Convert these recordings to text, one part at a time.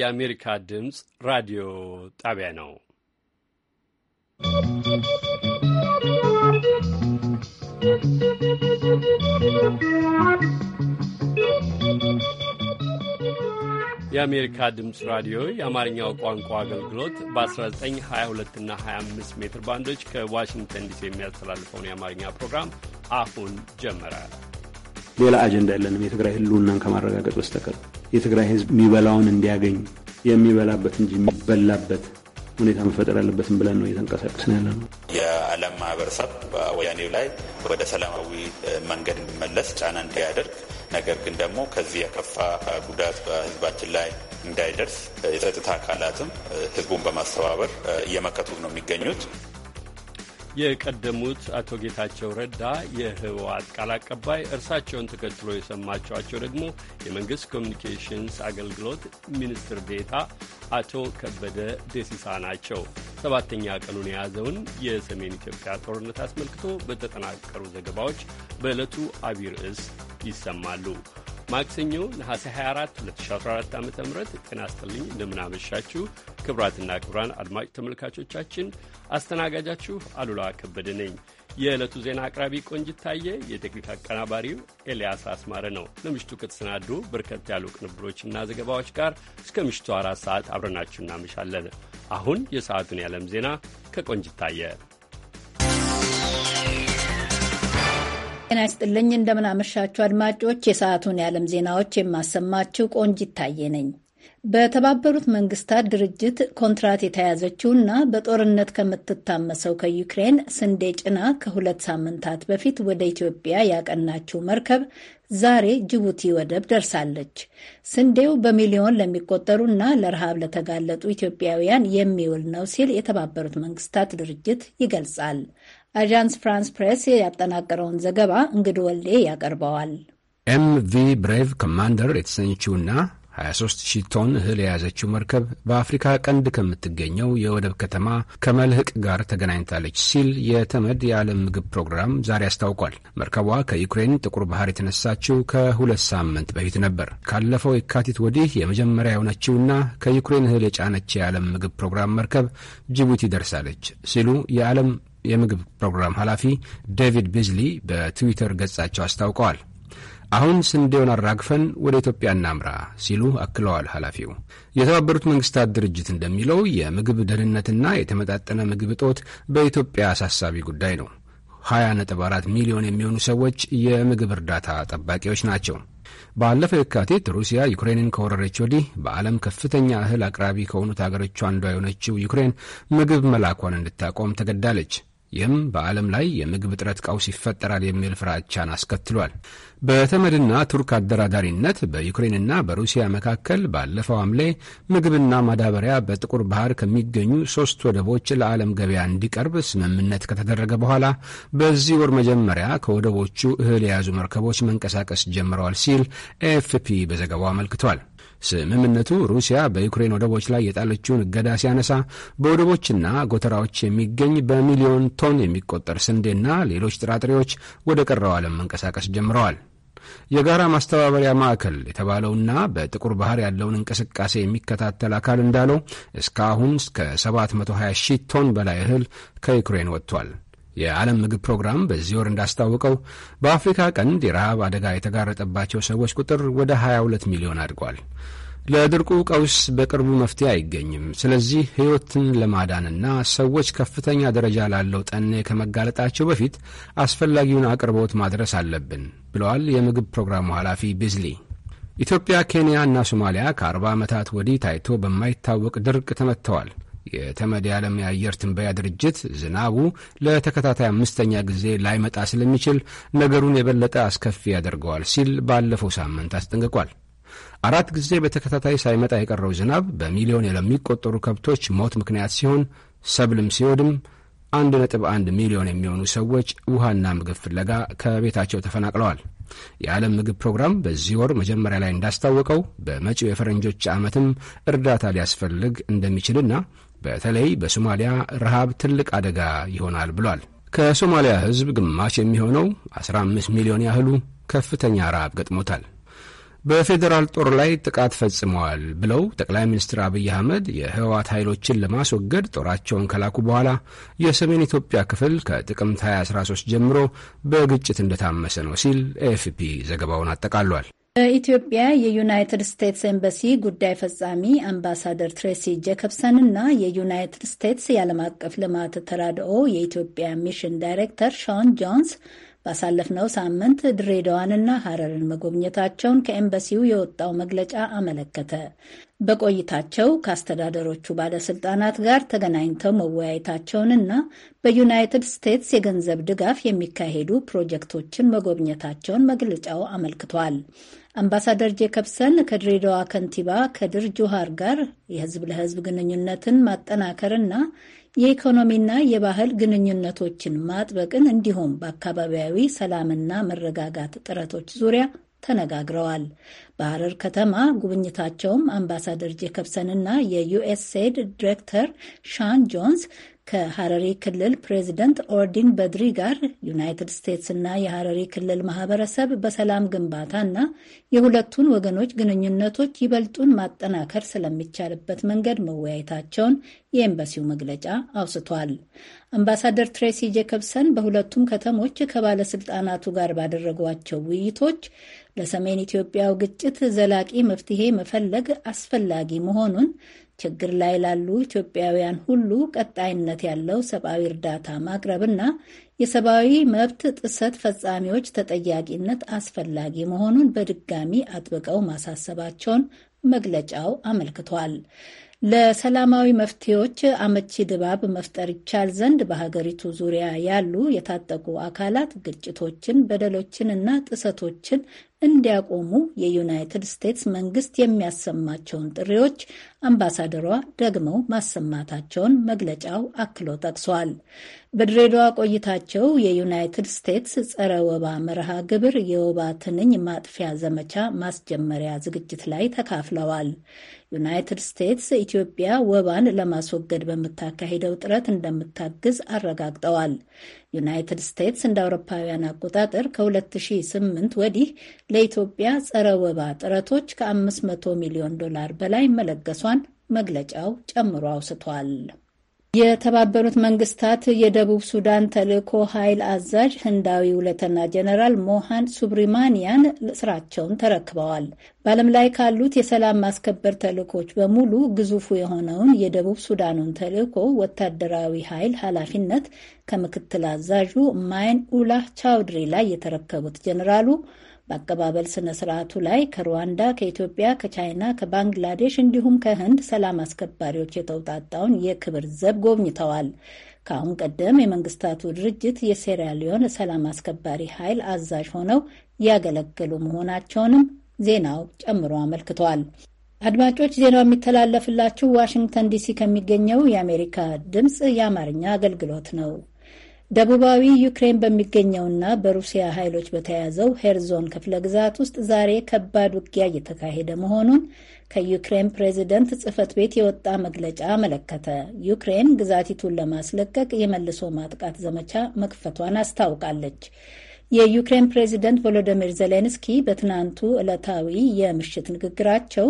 የአሜሪካ ድምፅ ራዲዮ ጣቢያ ነው። የአሜሪካ ድምፅ ራዲዮ የአማርኛው ቋንቋ አገልግሎት በ1922 እና 25 ሜትር ባንዶች ከዋሽንግተን ዲሲ የሚያስተላልፈውን የአማርኛ ፕሮግራም አሁን ጀመረ። ሌላ አጀንዳ የለንም የትግራይ ህልውናን ከማረጋገጥ በስተቀር የትግራይ ህዝብ የሚበላውን እንዲያገኝ የሚበላበት እንጂ የሚበላበት ሁኔታ መፈጠር አለበትም ብለን ነው እየተንቀሳቀስን ያለ ነው። የዓለም ማህበረሰብ በወያኔው ላይ ወደ ሰላማዊ መንገድ እንዲመለስ ጫና እንዲያደርግ፣ ነገር ግን ደግሞ ከዚህ የከፋ ጉዳት በህዝባችን ላይ እንዳይደርስ የጸጥታ አካላትም ህዝቡን በማስተባበር እየመከቱ ነው የሚገኙት። የቀደሙት አቶ ጌታቸው ረዳ የህወሓት ቃል አቀባይ፣ እርሳቸውን ተከትሎ የሰማችኋቸው ደግሞ የመንግስት ኮሚኒኬሽንስ አገልግሎት ሚኒስትር ዴታ አቶ ከበደ ደሲሳ ናቸው። ሰባተኛ ቀኑን የያዘውን የሰሜን ኢትዮጵያ ጦርነት አስመልክቶ በተጠናቀሩ ዘገባዎች በዕለቱ አቢይ ርዕስ ይሰማሉ። ማክሰኞ ነሐሴ 24 2014 ዓ ም ጤና ይስጥልኝ። እንደምናመሻችሁ ክብራትና ክብራን አድማጭ ተመልካቾቻችን፣ አስተናጋጃችሁ አሉላ ከበደ ነኝ። የዕለቱ ዜና አቅራቢ ቆንጅት ታየ፣ የቴክኒክ አቀናባሪው ኤልያስ አስማረ ነው። ለምሽቱ ከተሰናዱ በርከት ያሉ ቅንብሮችና ዘገባዎች ጋር እስከ ምሽቱ አራት ሰዓት አብረናችሁ እናመሻለን። አሁን የሰዓቱን የዓለም ዜና ከቆንጅት ታየ ጤና ይስጥልኝ እንደምናመሻችሁ አድማጮች፣ የሰዓቱን የዓለም ዜናዎች የማሰማችው ቆንጅ ይታየ ነኝ። በተባበሩት መንግስታት ድርጅት ኮንትራት የተያዘችውና በጦርነት ከምትታመሰው ከዩክሬን ስንዴ ጭና ከሁለት ሳምንታት በፊት ወደ ኢትዮጵያ ያቀናችው መርከብ ዛሬ ጅቡቲ ወደብ ደርሳለች። ስንዴው በሚሊዮን ለሚቆጠሩና ለረሃብ ለተጋለጡ ኢትዮጵያውያን የሚውል ነው ሲል የተባበሩት መንግስታት ድርጅት ይገልጻል። አዣንስ ፍራንስ ፕሬስ ያጠናቀረውን ዘገባ እንግድ ወልዴ ያቀርበዋል። ኤምቪ ብሬቭ ኮማንደር የተሰኘችውና 23,000 ቶን እህል የያዘችው መርከብ በአፍሪካ ቀንድ ከምትገኘው የወደብ ከተማ ከመልህቅ ጋር ተገናኝታለች ሲል የተመድ የዓለም ምግብ ፕሮግራም ዛሬ አስታውቋል። መርከቧ ከዩክሬን ጥቁር ባህር የተነሳችው ከሁለት ሳምንት በፊት ነበር። ካለፈው የካቲት ወዲህ የመጀመሪያ የሆነችውና ከዩክሬን እህል የጫነች የዓለም ምግብ ፕሮግራም መርከብ ጅቡቲ ደርሳለች ሲሉ የዓለም የምግብ ፕሮግራም ኃላፊ ዴቪድ ቢዝሊ በትዊተር ገጻቸው አስታውቀዋል። አሁን ስንዴውን አራግፈን ወደ ኢትዮጵያ እናምራ ሲሉ አክለዋል ኃላፊው። የተባበሩት መንግስታት ድርጅት እንደሚለው የምግብ ደህንነትና የተመጣጠነ ምግብ እጦት በኢትዮጵያ አሳሳቢ ጉዳይ ነው። 20.4 ሚሊዮን የሚሆኑ ሰዎች የምግብ እርዳታ ጠባቂዎች ናቸው። ባለፈው የካቲት ሩሲያ ዩክሬንን ከወረረች ወዲህ በዓለም ከፍተኛ እህል አቅራቢ ከሆኑት አገሮቿ አንዷ የሆነችው ዩክሬን ምግብ መላኳን እንድታቆም ተገዳለች። ይህም በዓለም ላይ የምግብ እጥረት ቀውስ ይፈጠራል የሚል ፍራቻን አስከትሏል። በተመድና ቱርክ አደራዳሪነት በዩክሬንና በሩሲያ መካከል ባለፈው ሐምሌ ምግብና ማዳበሪያ በጥቁር ባህር ከሚገኙ ሦስት ወደቦች ለዓለም ገበያ እንዲቀርብ ስምምነት ከተደረገ በኋላ በዚህ ወር መጀመሪያ ከወደቦቹ እህል የያዙ መርከቦች መንቀሳቀስ ጀምረዋል ሲል ኤኤፍፒ በዘገባው አመልክቷል። ስምምነቱ ሩሲያ በዩክሬን ወደቦች ላይ የጣለችውን እገዳ ሲያነሳ በወደቦችና ጎተራዎች የሚገኝ በሚሊዮን ቶን የሚቆጠር ስንዴና ሌሎች ጥራጥሬዎች ወደ ቀረው ዓለም መንቀሳቀስ ጀምረዋል። የጋራ ማስተባበሪያ ማዕከል የተባለውና በጥቁር ባህር ያለውን እንቅስቃሴ የሚከታተል አካል እንዳለው እስካሁን ከ720 ሺህ ቶን በላይ እህል ከዩክሬን ወጥቷል። የዓለም ምግብ ፕሮግራም በዚህ ወር እንዳስታወቀው በአፍሪካ ቀንድ የረሃብ አደጋ የተጋረጠባቸው ሰዎች ቁጥር ወደ 22 ሚሊዮን አድጓል። ለድርቁ ቀውስ በቅርቡ መፍትሄ አይገኝም። ስለዚህ ሕይወትን ለማዳንና ሰዎች ከፍተኛ ደረጃ ላለው ጠኔ ከመጋለጣቸው በፊት አስፈላጊውን አቅርቦት ማድረስ አለብን ብለዋል የምግብ ፕሮግራሙ ኃላፊ ቢዝሊ። ኢትዮጵያ፣ ኬንያ እና ሶማሊያ ከ40 ዓመታት ወዲህ ታይቶ በማይታወቅ ድርቅ ተመትተዋል። የተመድ የዓለም የአየር ትንበያ ድርጅት ዝናቡ ለተከታታይ አምስተኛ ጊዜ ላይመጣ ስለሚችል ነገሩን የበለጠ አስከፊ ያደርገዋል ሲል ባለፈው ሳምንት አስጠንቅቋል። አራት ጊዜ በተከታታይ ሳይመጣ የቀረው ዝናብ በሚሊዮን ለሚቆጠሩ ከብቶች ሞት ምክንያት ሲሆን ሰብልም ሲወድም 1.1 ሚሊዮን የሚሆኑ ሰዎች ውሃና ምግብ ፍለጋ ከቤታቸው ተፈናቅለዋል። የዓለም ምግብ ፕሮግራም በዚህ ወር መጀመሪያ ላይ እንዳስታወቀው በመጪው የፈረንጆች ዓመትም እርዳታ ሊያስፈልግ እንደሚችልና በተለይ በሶማሊያ ረሃብ ትልቅ አደጋ ይሆናል ብሏል። ከሶማሊያ ሕዝብ ግማሽ የሚሆነው 15 ሚሊዮን ያህሉ ከፍተኛ ረሃብ ገጥሞታል። በፌዴራል ጦር ላይ ጥቃት ፈጽመዋል ብለው ጠቅላይ ሚኒስትር አብይ አህመድ የህወሓት ኃይሎችን ለማስወገድ ጦራቸውን ከላኩ በኋላ የሰሜን ኢትዮጵያ ክፍል ከጥቅምት 2013 ጀምሮ በግጭት እንደታመሰ ነው ሲል ኤፍፒ ዘገባውን አጠቃሏል። በኢትዮጵያ የዩናይትድ ስቴትስ ኤምባሲ ጉዳይ ፈጻሚ አምባሳደር ትሬሲ ጄኮብሰን እና የዩናይትድ ስቴትስ የዓለም አቀፍ ልማት ተራድኦ የኢትዮጵያ ሚሽን ዳይሬክተር ሾን ጆንስ ባሳለፍነው ሳምንት ድሬዳዋንና ሐረርን መጎብኘታቸውን ከኤምባሲው የወጣው መግለጫ አመለከተ። በቆይታቸው ከአስተዳደሮቹ ባለስልጣናት ጋር ተገናኝተው መወያየታቸውንና በዩናይትድ ስቴትስ የገንዘብ ድጋፍ የሚካሄዱ ፕሮጀክቶችን መጎብኘታቸውን መግለጫው አመልክቷል። አምባሳደር ጄከብሰን ከድሬዳዋ ከንቲባ ከድር ጁሃር ጋር የህዝብ ለህዝብ ግንኙነትን ማጠናከርና የኢኮኖሚና የባህል ግንኙነቶችን ማጥበቅን እንዲሁም በአካባቢያዊ ሰላምና መረጋጋት ጥረቶች ዙሪያ ተነጋግረዋል። በሐረር ከተማ ጉብኝታቸውም አምባሳደር ጄከብሰንና የዩኤስኤድ ዲሬክተር ሻን ጆንስ ከሐረሪ ክልል ፕሬዚደንት ኦርዲን በድሪ ጋር ዩናይትድ እና የሐረሪ ክልል ማህበረሰብ በሰላም ግንባታ እና የሁለቱን ወገኖች ግንኙነቶች ይበልጡን ማጠናከር ስለሚቻልበት መንገድ መወያየታቸውን የኤምባሲው መግለጫ አውስቷል። አምባሳደር ትሬሲ ጄኮብሰን በሁለቱም ከተሞች ከባለስልጣናቱ ጋር ባደረጓቸው ውይይቶች ለሰሜን ኢትዮጵያው ግጭት ዘላቂ መፍትሄ መፈለግ አስፈላጊ መሆኑን ችግር ላይ ላሉ ኢትዮጵያውያን ሁሉ ቀጣይነት ያለው ሰብአዊ እርዳታ ማቅረብና የሰብአዊ መብት ጥሰት ፈጻሚዎች ተጠያቂነት አስፈላጊ መሆኑን በድጋሚ አጥብቀው ማሳሰባቸውን መግለጫው አመልክቷል። ለሰላማዊ መፍትሄዎች አመቺ ድባብ መፍጠር ይቻል ዘንድ በሀገሪቱ ዙሪያ ያሉ የታጠቁ አካላት ግጭቶችን፣ በደሎችን እና ጥሰቶችን እንዲያቆሙ የዩናይትድ ስቴትስ መንግስት የሚያሰማቸውን ጥሪዎች አምባሳደሯ ደግመው ማሰማታቸውን መግለጫው አክሎ ጠቅሷል። በድሬዳዋ ቆይታቸው የዩናይትድ ስቴትስ ጸረ ወባ መርሃ ግብር የወባ ትንኝ ማጥፊያ ዘመቻ ማስጀመሪያ ዝግጅት ላይ ተካፍለዋል። ዩናይትድ ስቴትስ ኢትዮጵያ ወባን ለማስወገድ በምታካሄደው ጥረት እንደምታግዝ አረጋግጠዋል። ዩናይትድ ስቴትስ እንደ አውሮፓውያን አቆጣጠር ከ2008 ወዲህ ለኢትዮጵያ ጸረ ወባ ጥረቶች ከ500 ሚሊዮን ዶላር በላይ መለገሷን መግለጫው ጨምሮ አውስቷል። የተባበሩት መንግስታት የደቡብ ሱዳን ተልእኮ ኃይል አዛዥ ህንዳዊ ሌተና ጀነራል ሞሃን ሱብሪማንያን ስራቸውን ተረክበዋል። በዓለም ላይ ካሉት የሰላም ማስከበር ተልእኮች በሙሉ ግዙፉ የሆነውን የደቡብ ሱዳኑን ተልእኮ ወታደራዊ ኃይል ኃላፊነት ከምክትል አዛዡ ማይን ኡላህ ቻውድሪ ላይ የተረከቡት ጀነራሉ በአቀባበል ስነ ስርዓቱ ላይ ከሩዋንዳ፣ ከኢትዮጵያ፣ ከቻይና፣ ከባንግላዴሽ እንዲሁም ከህንድ ሰላም አስከባሪዎች የተውጣጣውን የክብር ዘብ ጎብኝተዋል። ከአሁን ቀደም የመንግስታቱ ድርጅት የሴራሊዮን ሰላም አስከባሪ ኃይል አዛዥ ሆነው ያገለገሉ መሆናቸውንም ዜናው ጨምሮ አመልክቷል። አድማጮች ዜናው የሚተላለፍላችሁ ዋሽንግተን ዲሲ ከሚገኘው የአሜሪካ ድምፅ የአማርኛ አገልግሎት ነው። ደቡባዊ ዩክሬን በሚገኘውና በሩሲያ ኃይሎች በተያዘው ሄርዞን ክፍለ ግዛት ውስጥ ዛሬ ከባድ ውጊያ እየተካሄደ መሆኑን ከዩክሬን ፕሬዚደንት ጽህፈት ቤት የወጣ መግለጫ አመለከተ። ዩክሬን ግዛቲቱን ለማስለቀቅ የመልሶ ማጥቃት ዘመቻ መክፈቷን አስታውቃለች። የዩክሬን ፕሬዚደንት ቮሎዲሚር ዜሌንስኪ በትናንቱ ዕለታዊ የምሽት ንግግራቸው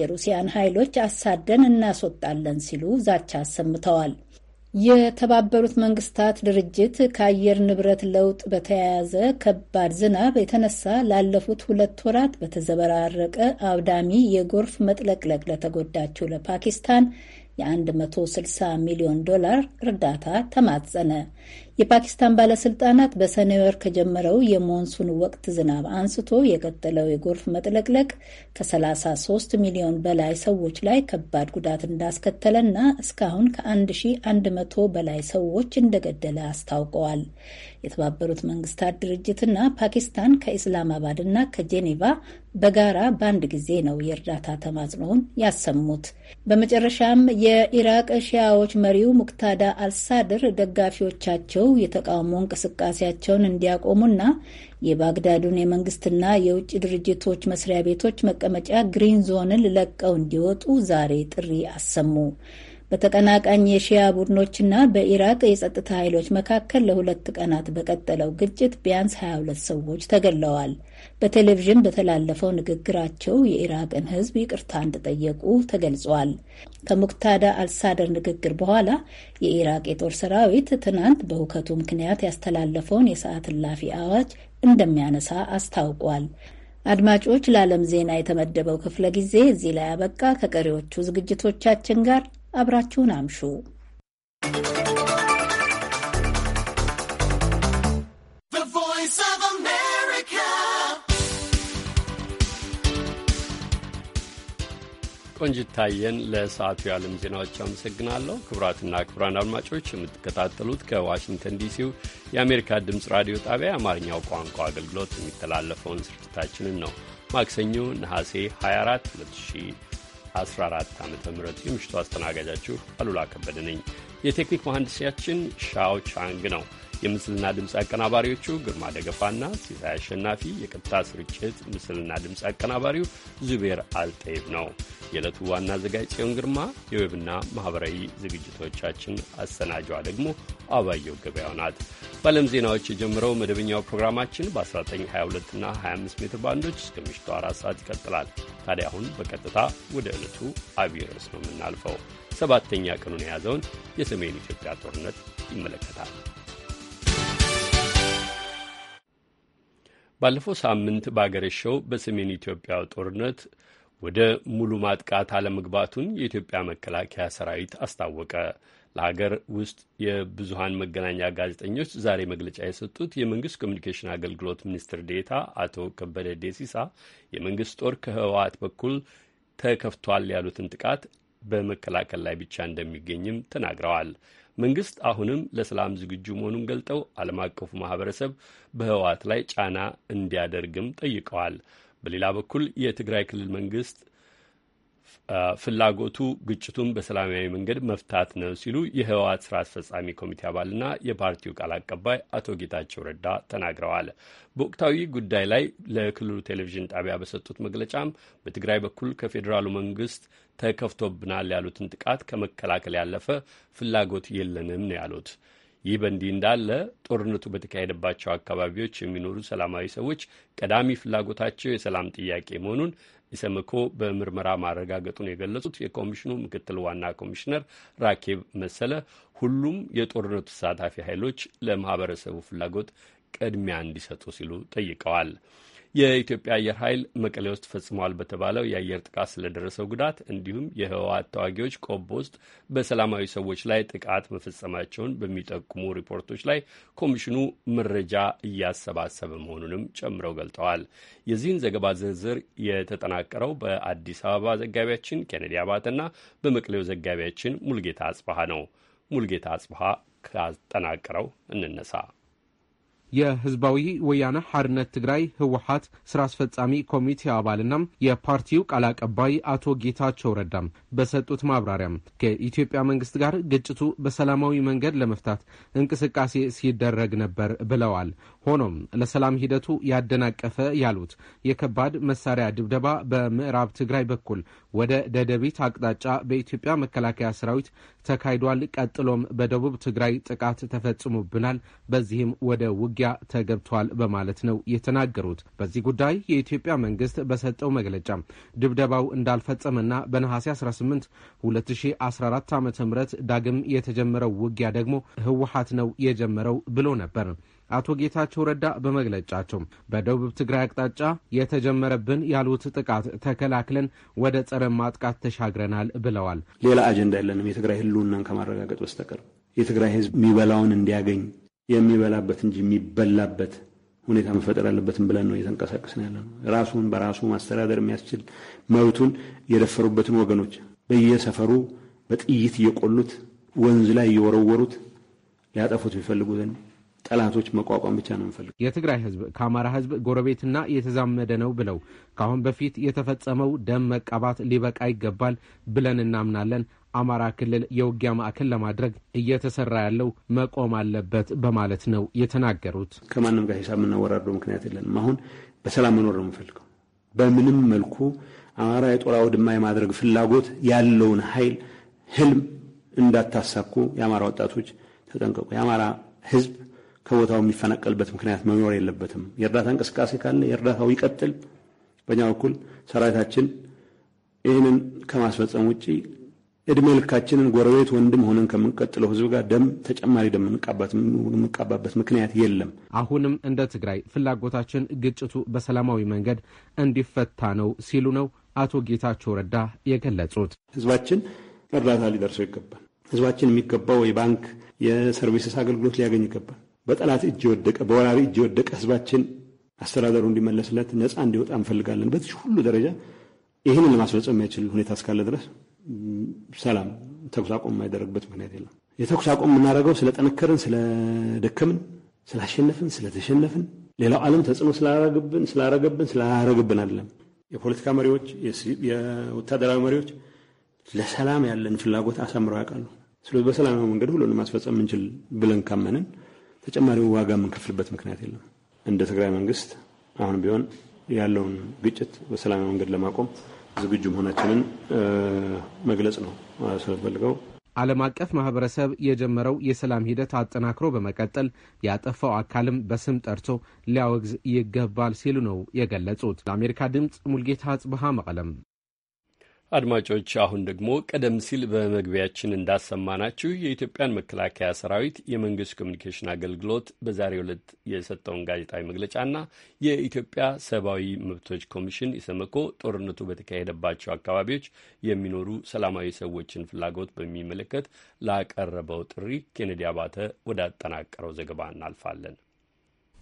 የሩሲያን ኃይሎች አሳደን እናስወጣለን ሲሉ ዛቻ አሰምተዋል። የተባበሩት መንግስታት ድርጅት ከአየር ንብረት ለውጥ በተያያዘ ከባድ ዝናብ የተነሳ ላለፉት ሁለት ወራት በተዘበራረቀ አውዳሚ የጎርፍ መጥለቅለቅ ለተጎዳችው ለፓኪስታን የ160 ሚሊዮን ዶላር እርዳታ ተማጸነ። የፓኪስታን ባለስልጣናት በሰኔ ወር ከጀመረው የሞንሱን ወቅት ዝናብ አንስቶ የቀጠለው የጎርፍ መጥለቅለቅ ከ33 ሚሊዮን በላይ ሰዎች ላይ ከባድ ጉዳት እንዳስከተለና እስካሁን ከ1100 በላይ ሰዎች እንደገደለ አስታውቀዋል። የተባበሩት መንግስታት ድርጅትና ፓኪስታን ከኢስላማባድ እና ከጄኔቫ በጋራ በአንድ ጊዜ ነው የእርዳታ ተማጽኖውን ያሰሙት። በመጨረሻም የኢራቅ ሺያዎች መሪው ሙቅታዳ አልሳድር ደጋፊዎቻቸው የተቃውሞ እንቅስቃሴያቸውን እንዲያቆሙና የባግዳዱን የመንግስትና የውጭ ድርጅቶች መስሪያ ቤቶች መቀመጫ ግሪን ዞንን ለቀው እንዲወጡ ዛሬ ጥሪ አሰሙ። በተቀናቃኝ የሺያ ቡድኖችና በኢራቅ የጸጥታ ኃይሎች መካከል ለሁለት ቀናት በቀጠለው ግጭት ቢያንስ 22 ሰዎች ተገለዋል። በቴሌቪዥን በተላለፈው ንግግራቸው የኢራቅን ሕዝብ ይቅርታ እንደጠየቁ ተገልጿል። ከሙክታዳ አልሳደር ንግግር በኋላ የኢራቅ የጦር ሰራዊት ትናንት በሁከቱ ምክንያት ያስተላለፈውን የሰዓት እላፊ አዋጅ እንደሚያነሳ አስታውቋል። አድማጮች፣ ለዓለም ዜና የተመደበው ክፍለ ጊዜ እዚህ ላይ አበቃ። ከቀሪዎቹ ዝግጅቶቻችን ጋር አብራችሁን አምሹ። ቆንጅታየን ለሰዓቱ የዓለም ዜናዎች አመሰግናለሁ። ክቡራትና ክቡራን አድማጮች የምትከታተሉት ከዋሽንግተን ዲሲው የአሜሪካ ድምፅ ራዲዮ ጣቢያ የአማርኛው ቋንቋ አገልግሎት የሚተላለፈውን ስርጭታችንን ነው። ማክሰኞ ነሐሴ 24 2000 14 ዓ ም የምሽቱ አስተናጋጃችሁ አሉላ ከበደ ነኝ። የቴክኒክ መሐንዲሳችን ሻው ቻንግ ነው። የምስልና ድምፅ አቀናባሪዎቹ ግርማ ደገፋና ሲሳይ አሸናፊ፣ የቀጥታ ስርጭት ምስልና ድምፅ አቀናባሪው ዙቤር አልጠይብ ነው። የዕለቱ ዋና አዘጋጅ ጽዮን ግርማ፣ የዌብና ማኅበራዊ ዝግጅቶቻችን አሰናጇ ደግሞ አባየው ገበያው ናት። በዓለም ዜናዎች የጀመረው መደበኛው ፕሮግራማችን በ1922 እና 25 ሜትር ባንዶች እስከ ምሽቱ አራት ሰዓት ይቀጥላል። ታዲያ አሁን በቀጥታ ወደ ዕለቱ አብይ ርዕስ ነው የምናልፈው። ሰባተኛ ቀኑን የያዘውን የሰሜን ኢትዮጵያ ጦርነት ይመለከታል። ባለፈው ሳምንት ባገረሸው በሰሜን ኢትዮጵያ ጦርነት ወደ ሙሉ ማጥቃት አለመግባቱን የኢትዮጵያ መከላከያ ሰራዊት አስታወቀ። ለሀገር ውስጥ የብዙሀን መገናኛ ጋዜጠኞች ዛሬ መግለጫ የሰጡት የመንግስት ኮሚኒኬሽን አገልግሎት ሚኒስትር ዴታ አቶ ከበደ ዴሲሳ የመንግስት ጦር ከህወሓት በኩል ተከፍቷል ያሉትን ጥቃት በመከላከል ላይ ብቻ እንደሚገኝም ተናግረዋል። መንግስት አሁንም ለሰላም ዝግጁ መሆኑን ገልጠው ዓለም አቀፉ ማህበረሰብ በህወሓት ላይ ጫና እንዲያደርግም ጠይቀዋል። በሌላ በኩል የትግራይ ክልል መንግስት ፍላጎቱ ግጭቱን በሰላማዊ መንገድ መፍታት ነው ሲሉ የህወሓት ስራ አስፈጻሚ ኮሚቴ አባልና የፓርቲው ቃል አቀባይ አቶ ጌታቸው ረዳ ተናግረዋል። በወቅታዊ ጉዳይ ላይ ለክልሉ ቴሌቪዥን ጣቢያ በሰጡት መግለጫም በትግራይ በኩል ከፌዴራሉ መንግስት ተከፍቶብናል ያሉትን ጥቃት ከመከላከል ያለፈ ፍላጎት የለንም ነው ያሉት። ይህ በእንዲህ እንዳለ ጦርነቱ በተካሄደባቸው አካባቢዎች የሚኖሩ ሰላማዊ ሰዎች ቀዳሚ ፍላጎታቸው የሰላም ጥያቄ መሆኑን ኢሰመኮ በምርመራ ማረጋገጡን የገለጹት የኮሚሽኑ ምክትል ዋና ኮሚሽነር ራኬብ መሰለ ሁሉም የጦርነቱ ተሳታፊ ኃይሎች ለማህበረሰቡ ፍላጎት ቅድሚያ እንዲሰጡ ሲሉ ጠይቀዋል። የኢትዮጵያ አየር ኃይል መቀሌ ውስጥ ፈጽሟል በተባለው የአየር ጥቃት ስለደረሰው ጉዳት እንዲሁም የህወሓት ተዋጊዎች ቆቦ ውስጥ በሰላማዊ ሰዎች ላይ ጥቃት መፈጸማቸውን በሚጠቁሙ ሪፖርቶች ላይ ኮሚሽኑ መረጃ እያሰባሰበ መሆኑንም ጨምረው ገልጠዋል። የዚህን ዘገባ ዝርዝር የተጠናቀረው በአዲስ አበባ ዘጋቢያችን ኬኔዲ አባተና በመቅሌው ዘጋቢያችን ሙልጌታ አጽብሃ ነው። ሙልጌታ አጽብሃ ካጠናቀረው እንነሳ። የህዝባዊ ወያነ ሀርነት ትግራይ ህወሀት ስራ አስፈጻሚ ኮሚቴ አባልና የፓርቲው ቃል አቀባይ አቶ ጌታቸው ረዳም በሰጡት ማብራሪያም ከኢትዮጵያ መንግስት ጋር ግጭቱ በሰላማዊ መንገድ ለመፍታት እንቅስቃሴ ሲደረግ ነበር ብለዋል። ሆኖም ለሰላም ሂደቱ ያደናቀፈ ያሉት የከባድ መሳሪያ ድብደባ በምዕራብ ትግራይ በኩል ወደ ደደቢት አቅጣጫ በኢትዮጵያ መከላከያ ሰራዊት ተካሂዷል። ቀጥሎም በደቡብ ትግራይ ጥቃት ተፈጽሞብናል። በዚህም ወደ ውጊ ማስጠንቀቂያ ተገብቷል በማለት ነው የተናገሩት። በዚህ ጉዳይ የኢትዮጵያ መንግስት በሰጠው መግለጫ ድብደባው እንዳልፈጸመና በነሐሴ 18 2014 ዓ ም ዳግም የተጀመረው ውጊያ ደግሞ ህወሀት ነው የጀመረው ብሎ ነበር። አቶ ጌታቸው ረዳ በመግለጫቸው በደቡብ ትግራይ አቅጣጫ የተጀመረብን ያሉት ጥቃት ተከላክለን ወደ ጸረ ማጥቃት ተሻግረናል ብለዋል። ሌላ አጀንዳ የለንም የትግራይ ህልውናን ከማረጋገጥ በስተቀር የትግራይ ህዝብ የሚበላውን እንዲያገኝ የሚበላበት እንጂ የሚበላበት ሁኔታ መፈጠር አለበትም ብለን ነው እየተንቀሳቀስን ያለ ነው። ራሱን በራሱ ማስተዳደር የሚያስችል መብቱን የደፈሩበትን ወገኖች በየሰፈሩ በጥይት እየቆሉት ወንዝ ላይ እየወረወሩት ሊያጠፉት ቢፈልጉ ዘንድ ጠላቶች መቋቋም ብቻ ነው የምፈልግ። የትግራይ ህዝብ ከአማራ ህዝብ ጎረቤትና የተዛመደ ነው ብለው ከአሁን በፊት የተፈጸመው ደም መቀባት ሊበቃ ይገባል ብለን እናምናለን። አማራ ክልል የውጊያ ማዕከል ለማድረግ እየተሰራ ያለው መቆም አለበት በማለት ነው የተናገሩት። ከማንም ጋር ሂሳብ የምናወራደው ምክንያት የለንም። አሁን በሰላም መኖር ነው የምፈልገው። በምንም መልኩ አማራ የጦር አውድማ የማድረግ ፍላጎት ያለውን ኃይል ህልም እንዳታሳኩ የአማራ ወጣቶች ተጠንቀቁ። የአማራ ህዝብ ከቦታው የሚፈናቀልበት ምክንያት መኖር የለበትም። የእርዳታ እንቅስቃሴ ካለ የእርዳታው ይቀጥል። በእኛ በኩል ሰራዊታችን ይህንን ከማስፈጸም ውጭ እድሜ ልካችንን ጎረቤት ወንድም ሆነን ከምንቀጥለው ህዝብ ጋር ደም ተጨማሪ ደም የምንቃባበት ምክንያት የለም። አሁንም እንደ ትግራይ ፍላጎታችን ግጭቱ በሰላማዊ መንገድ እንዲፈታ ነው ሲሉ ነው አቶ ጌታቸው ረዳ የገለጹት። ህዝባችን እርዳታ ሊደርሰው ይገባል። ህዝባችን የሚገባው የባንክ የሰርቪስስ አገልግሎት ሊያገኝ ይገባል። በጠላት እጅ የወደቀ በወራሪ እጅ የወደቀ ህዝባችን አስተዳደሩ እንዲመለስለት ነፃ እንዲወጣ እንፈልጋለን። በዚህ ሁሉ ደረጃ ይህንን ለማስፈጸም የሚያችል ሁኔታ እስካለ ድረስ ሰላም ተኩስ አቁም የማይደረግበት ምክንያት የለም። የተኩስ አቁም የምናደርገው ስለ ስለደከምን ስለ ደከምን፣ ስላሸነፍን፣ ስለተሸነፍን ሌላው ዓለም ተጽዕኖ ስላረግብን ስላረገብን ስላረግብን አይደለም። የፖለቲካ መሪዎች፣ የወታደራዊ መሪዎች ለሰላም ያለን ፍላጎት አሳምረው ያውቃሉ። ስለዚህ በሰላማዊ መንገድ ሁሉንም ማስፈጸም የምንችል ብለን ካመንን ተጨማሪ ዋጋ የምንከፍልበት ምክንያት የለም። እንደ ትግራይ መንግስት አሁን ቢሆን ያለውን ግጭት በሰላማዊ መንገድ ለማቆም ዝግጁ መሆናችንን መግለጽ ነው ስለምፈልገው። ዓለም አቀፍ ማህበረሰብ የጀመረው የሰላም ሂደት አጠናክሮ በመቀጠል ያጠፋው አካልም በስም ጠርቶ ሊያወግዝ ይገባል ሲሉ ነው የገለጹት። ለአሜሪካ ድምፅ ሙልጌታ አጽብሃ መቀለም አድማጮች አሁን ደግሞ ቀደም ሲል በመግቢያችን እንዳሰማናችሁ የኢትዮጵያን መከላከያ ሰራዊት የመንግስት ኮሚኒኬሽን አገልግሎት በዛሬው ዕለት የሰጠውን ጋዜጣዊ መግለጫና የኢትዮጵያ ሰብአዊ መብቶች ኮሚሽን ኢሰመኮ ጦርነቱ በተካሄደባቸው አካባቢዎች የሚኖሩ ሰላማዊ ሰዎችን ፍላጎት በሚመለከት ላቀረበው ጥሪ ኬኔዲ አባተ ወደ አጠናቀረው ዘገባ እናልፋለን።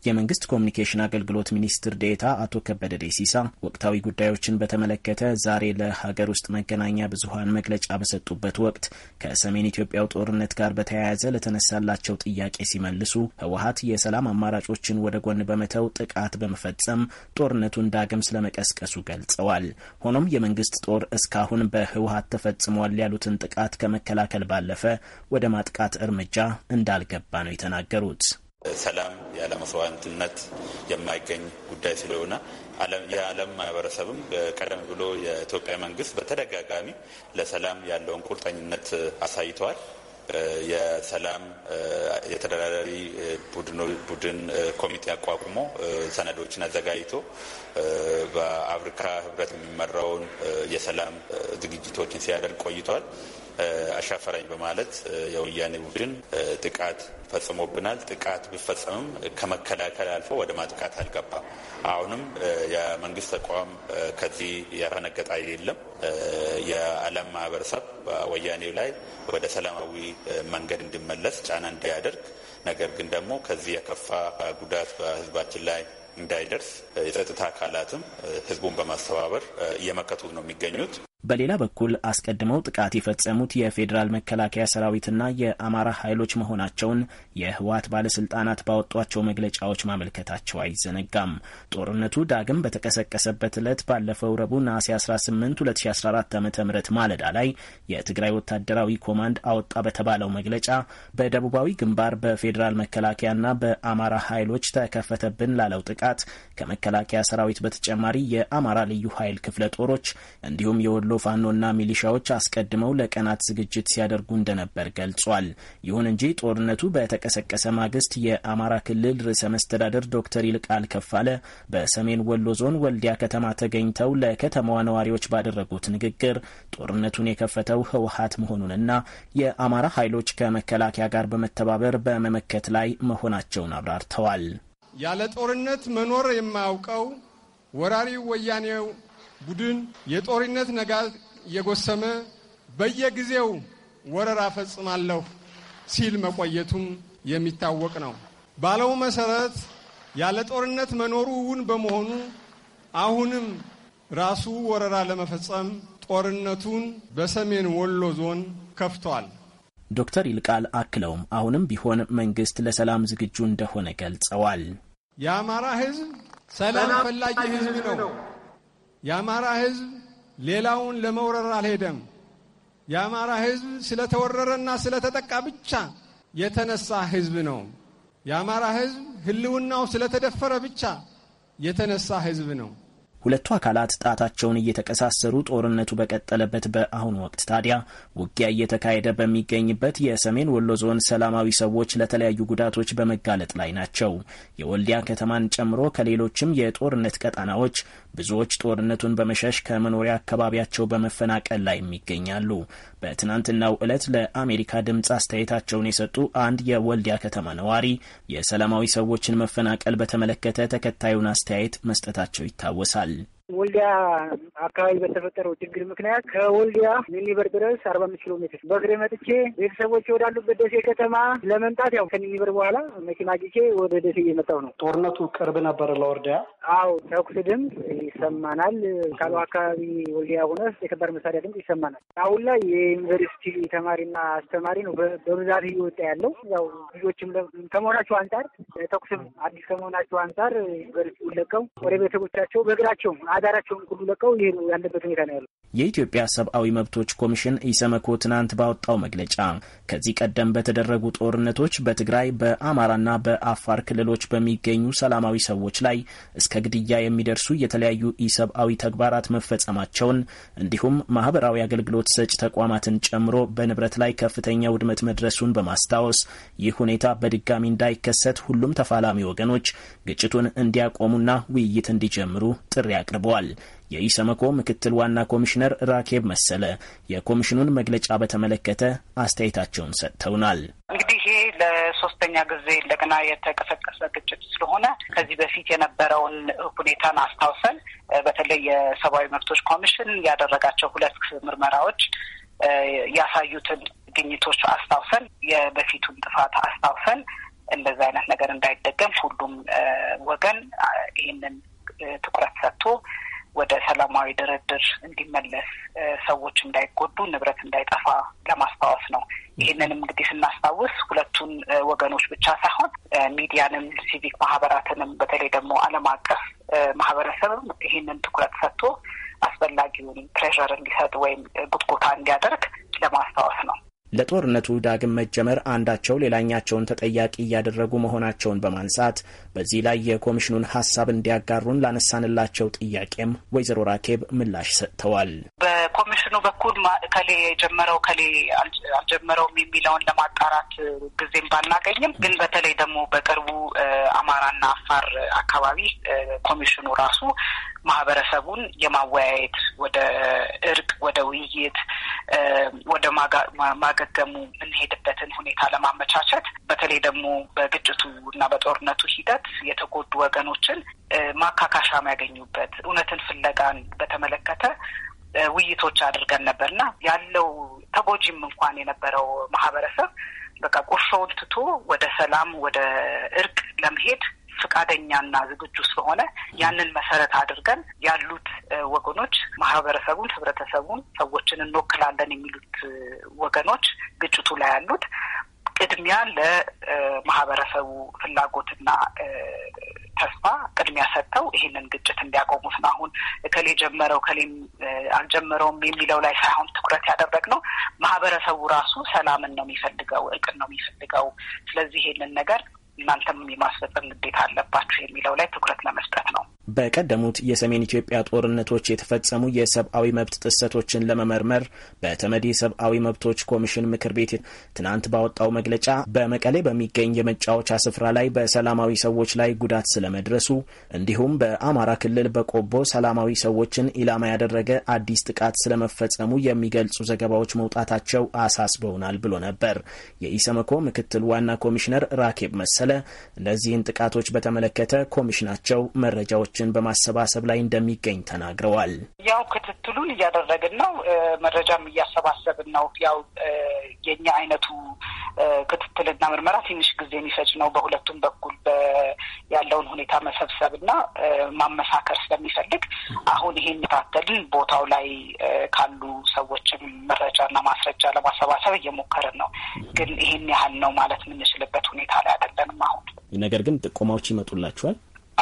የመንግስት ኮሚኒኬሽን አገልግሎት ሚኒስትር ዴታ አቶ ከበደ ደሲሳ ወቅታዊ ጉዳዮችን በተመለከተ ዛሬ ለሀገር ውስጥ መገናኛ ብዙሀን መግለጫ በሰጡበት ወቅት ከሰሜን ኢትዮጵያው ጦርነት ጋር በተያያዘ ለተነሳላቸው ጥያቄ ሲመልሱ ህወሀት የሰላም አማራጮችን ወደ ጎን በመተው ጥቃት በመፈጸም ጦርነቱን ዳግም ስለመቀስቀሱ ገልጸዋል። ሆኖም የመንግስት ጦር እስካሁን በህወሀት ተፈጽሟል ያሉትን ጥቃት ከመከላከል ባለፈ ወደ ማጥቃት እርምጃ እንዳልገባ ነው የተናገሩት። ሰላም ያለ መስዋዕትነት የማይገኝ ጉዳይ ስለሆነ የዓለም ማህበረሰብም ቀደም ብሎ የኢትዮጵያ መንግስት በተደጋጋሚ ለሰላም ያለውን ቁርጠኝነት አሳይተዋል። የሰላም የተደራዳሪ ቡድን ኮሚቴ አቋቁሞ ሰነዶችን አዘጋጅቶ በአፍሪካ ህብረት የሚመራውን የሰላም ዝግጅቶችን ሲያደርግ ቆይቷል። አሻፈረኝ በማለት የወያኔ ቡድን ጥቃት ፈጽሞብናል። ጥቃት ቢፈጸምም ከመከላከል አልፎ ወደ ማጥቃት አልገባም። አሁንም የመንግስት ተቋም ከዚህ ያፈነገጠ የለም። የዓለም ማህበረሰብ ወያኔው ላይ ወደ ሰላማዊ መንገድ እንዲመለስ ጫና እንዲያደርግ፣ ነገር ግን ደግሞ ከዚህ የከፋ ጉዳት በህዝባችን ላይ እንዳይደርስ የጸጥታ አካላትም ህዝቡን በማስተባበር እየመከቱት ነው የሚገኙት። በሌላ በኩል አስቀድመው ጥቃት የፈጸሙት የፌዴራል መከላከያ ሰራዊትና የአማራ ኃይሎች መሆናቸውን የህወሓት ባለስልጣናት ባወጧቸው መግለጫዎች ማመልከታቸው አይዘነጋም። ጦርነቱ ዳግም በተቀሰቀሰበት ዕለት ባለፈው ረቡዕ ነሐሴ 18 2014 ዓ ም ማለዳ ላይ የትግራይ ወታደራዊ ኮማንድ አወጣ በተባለው መግለጫ በደቡባዊ ግንባር በፌዴራል መከላከያና በአማራ ኃይሎች ተከፈተብን ላለው ጥቃት ከመከላከያ ሰራዊት በተጨማሪ የአማራ ልዩ ኃይል ክፍለ ጦሮች እንዲሁም የወሎ ፋኖና ሚሊሻዎች አስቀድመው ለቀናት ዝግጅት ሲያደርጉ እንደነበር ገልጿል። ይሁን እንጂ ጦርነቱ በተቀ በተቀሰቀሰ ማግስት የአማራ ክልል ርዕሰ መስተዳደር ዶክተር ይልቃል ከፋለ በሰሜን ወሎ ዞን ወልዲያ ከተማ ተገኝተው ለከተማዋ ነዋሪዎች ባደረጉት ንግግር ጦርነቱን የከፈተው ህወሀት መሆኑንና የአማራ ኃይሎች ከመከላከያ ጋር በመተባበር በመመከት ላይ መሆናቸውን አብራርተዋል። ያለ ጦርነት መኖር የማያውቀው ወራሪው ወያኔው ቡድን የጦርነት ነጋት እየጎሰመ በየጊዜው ወረራ ፈጽማለሁ ሲል መቆየቱም የሚታወቅ ነው። ባለው መሰረት ያለ ጦርነት መኖሩ እውን በመሆኑ አሁንም ራሱ ወረራ ለመፈጸም ጦርነቱን በሰሜን ወሎ ዞን ከፍቷል። ዶክተር ይልቃል አክለውም አሁንም ቢሆን መንግስት ለሰላም ዝግጁ እንደሆነ ገልጸዋል። የአማራ ህዝብ ሰላም ፈላጊ ህዝብ ነው። የአማራ ህዝብ ሌላውን ለመውረር አልሄደም። የአማራ ህዝብ ስለተወረረና ስለተጠቃ ብቻ የተነሳ ህዝብ ነው። የአማራ ህዝብ ህልውናው ስለተደፈረ ብቻ የተነሳ ህዝብ ነው። ሁለቱ አካላት ጣታቸውን እየተቀሳሰሩ ጦርነቱ በቀጠለበት በአሁኑ ወቅት ታዲያ ውጊያ እየተካሄደ በሚገኝበት የሰሜን ወሎ ዞን ሰላማዊ ሰዎች ለተለያዩ ጉዳቶች በመጋለጥ ላይ ናቸው። የወልዲያ ከተማን ጨምሮ ከሌሎችም የጦርነት ቀጣናዎች ብዙዎች ጦርነቱን በመሸሽ ከመኖሪያ አካባቢያቸው በመፈናቀል ላይ ይገኛሉ። በትናንትናው ዕለት ለአሜሪካ ድምፅ አስተያየታቸውን የሰጡ አንድ የወልዲያ ከተማ ነዋሪ የሰላማዊ ሰዎችን መፈናቀል በተመለከተ ተከታዩን አስተያየት መስጠታቸው ይታወሳል። ወልዲያ አካባቢ በተፈጠረው ችግር ምክንያት ከወልዲያ ሚኒበር ድረስ አርባ አምስት ኪሎ ሜትር በእግሬ መጥቼ ቤተሰቦች ወዳሉበት ደሴ ከተማ ለመምጣት ያው ከሚኒበር በኋላ መኪና ጊዜ ወደ ደሴ እየመጣው ነው። ጦርነቱ ቅርብ ነበር ለወልዲያ? አዎ፣ ተኩስ ድምፅ ይሰማናል። ካሉ አካባቢ ወልዲያ ሆነ የከባድ መሳሪያ ድምፅ ይሰማናል። አሁን ላይ የዩኒቨርሲቲ ተማሪና አስተማሪ ነው በብዛት እየወጣ ያለው። ያው ልጆችም ከመሆናቸው አንጻር ተኩስም አዲስ ከመሆናቸው አንጻር ዩኒቨርሲቲውን ለቀው ወደ ቤተሰቦቻቸው በእግራቸው አዳራቸውን ሁሉ ለቀው ይሄ ያለበት ሁኔታ ነው ያለው። የኢትዮጵያ ሰብአዊ መብቶች ኮሚሽን ኢሰመኮ ትናንት ባወጣው መግለጫ ከዚህ ቀደም በተደረጉ ጦርነቶች በትግራይ በአማራና በአፋር ክልሎች በሚገኙ ሰላማዊ ሰዎች ላይ እስከ ግድያ የሚደርሱ የተለያዩ ኢሰብአዊ ተግባራት መፈጸማቸውን እንዲሁም ማህበራዊ አገልግሎት ሰጭ ተቋማትን ጨምሮ በንብረት ላይ ከፍተኛ ውድመት መድረሱን በማስታወስ ይህ ሁኔታ በድጋሚ እንዳይከሰት ሁሉም ተፋላሚ ወገኖች ግጭቱን እንዲያቆሙና ውይይት እንዲጀምሩ ጥሪ አቅርቧል። አቅርበዋል። የኢሰመኮ ምክትል ዋና ኮሚሽነር ራኬብ መሰለ የኮሚሽኑን መግለጫ በተመለከተ አስተያየታቸውን ሰጥተውናል። እንግዲህ ይህ ለሶስተኛ ጊዜ እንደገና የተቀሰቀሰ ግጭት ስለሆነ ከዚህ በፊት የነበረውን ሁኔታን አስታውሰን በተለይ የሰብአዊ መብቶች ኮሚሽን ያደረጋቸው ሁለት ምርመራዎች ያሳዩትን ግኝቶች አስታውሰን የበፊቱን ጥፋት አስታውሰን እንደዚ አይነት ነገር እንዳይደገም ሁሉም ወገን ይህንን ትኩረት ሰጥቶ ወደ ሰላማዊ ድርድር እንዲመለስ ሰዎች እንዳይጎዱ፣ ንብረት እንዳይጠፋ ለማስታወስ ነው። ይህንንም እንግዲህ ስናስታውስ ሁለቱን ወገኖች ብቻ ሳይሆን ሚዲያንም፣ ሲቪክ ማህበራትንም በተለይ ደግሞ ዓለም አቀፍ ማህበረሰብም ይህንን ትኩረት ሰጥቶ አስፈላጊውን ፕሬሸር እንዲሰጥ ወይም ጉትጎታ እንዲያደርግ ለማስታወስ ነው። ለጦርነቱ ዳግም መጀመር አንዳቸው ሌላኛቸውን ተጠያቂ እያደረጉ መሆናቸውን በማንሳት በዚህ ላይ የኮሚሽኑን ሀሳብ እንዲያጋሩን ላነሳንላቸው ጥያቄም ወይዘሮ ራኬብ ምላሽ ሰጥተዋል። በኮሚሽኑ በኩል ከሌ የጀመረው ከሌ አልጀመረውም የሚለውን ለማጣራት ጊዜም ባናገኝም፣ ግን በተለይ ደግሞ በቅርቡ አማራና አፋር አካባቢ ኮሚሽኑ ራሱ ማህበረሰቡን የማወያየት ወደ እርቅ፣ ወደ ውይይት፣ ወደ ማገገሙ የምንሄድበትን ሁኔታ ለማመቻቸት በተለይ ደግሞ በግጭቱ እና በጦርነቱ ሂደት የተጎዱ ወገኖችን ማካካሻ የሚያገኙበት እውነትን ፍለጋን በተመለከተ ውይይቶች አድርገን ነበር እና ያለው ተጎጂም እንኳን የነበረው ማህበረሰብ በቃ ቁርሾውን ትቶ ወደ ሰላም ወደ እርቅ ለመሄድ ፈቃደኛና ዝግጁ ስለሆነ ያንን መሰረት አድርገን ያሉት ወገኖች ማህበረሰቡን፣ ህብረተሰቡን፣ ሰዎችን እንወክላለን የሚሉት ወገኖች ግጭቱ ላይ ያሉት ቅድሚያ ለማህበረሰቡ ፍላጎትና ተስፋ ቅድሚያ ሰጥተው ይህንን ግጭት እንዲያቆሙት ነው። አሁን እከሌ ጀመረው እከሌም አልጀመረውም የሚለው ላይ ሳይሆን ትኩረት ያደረግነው ማህበረሰቡ ራሱ ሰላምን ነው የሚፈልገው፣ እርቅን ነው የሚፈልገው። ስለዚህ ይሄንን ነገር እናንተም የማስፈጸም ግዴታ አለባችሁ የሚለው ላይ ትኩረት ለመስጠት ነው። በቀደሙት የሰሜን ኢትዮጵያ ጦርነቶች የተፈጸሙ የሰብአዊ መብት ጥሰቶችን ለመመርመር በተመድ የሰብአዊ መብቶች ኮሚሽን ምክር ቤት ትናንት ባወጣው መግለጫ በመቀሌ በሚገኝ የመጫወቻ ስፍራ ላይ በሰላማዊ ሰዎች ላይ ጉዳት ስለመድረሱ እንዲሁም በአማራ ክልል በቆቦ ሰላማዊ ሰዎችን ኢላማ ያደረገ አዲስ ጥቃት ስለመፈጸሙ የሚገልጹ ዘገባዎች መውጣታቸው አሳስበውናል ብሎ ነበር። የኢሰመኮ ምክትል ዋና ኮሚሽነር ራኬብ መሰል በቀለ እነዚህን ጥቃቶች በተመለከተ ኮሚሽናቸው መረጃዎችን በማሰባሰብ ላይ እንደሚገኝ ተናግረዋል። ያው ክትትሉን እያደረግን ነው፣ መረጃም እያሰባሰብን ነው። ያው የኛ አይነቱ ክትትልና ምርመራ ትንሽ ጊዜ የሚፈጅ ነው በሁለቱም በኩል ያለውን ሁኔታ መሰብሰብ እና ማመሳከር ስለሚፈልግ አሁን ይሄን ታተልን ቦታው ላይ ካሉ ሰዎችም መረጃና ማስረጃ ለማሰባሰብ እየሞከርን ነው። ግን ይሄን ያህል ነው ማለት የምንችልበት ሁኔታ ላይ አይደለንም አሁን። ነገር ግን ጥቆማዎች ይመጡላችኋል?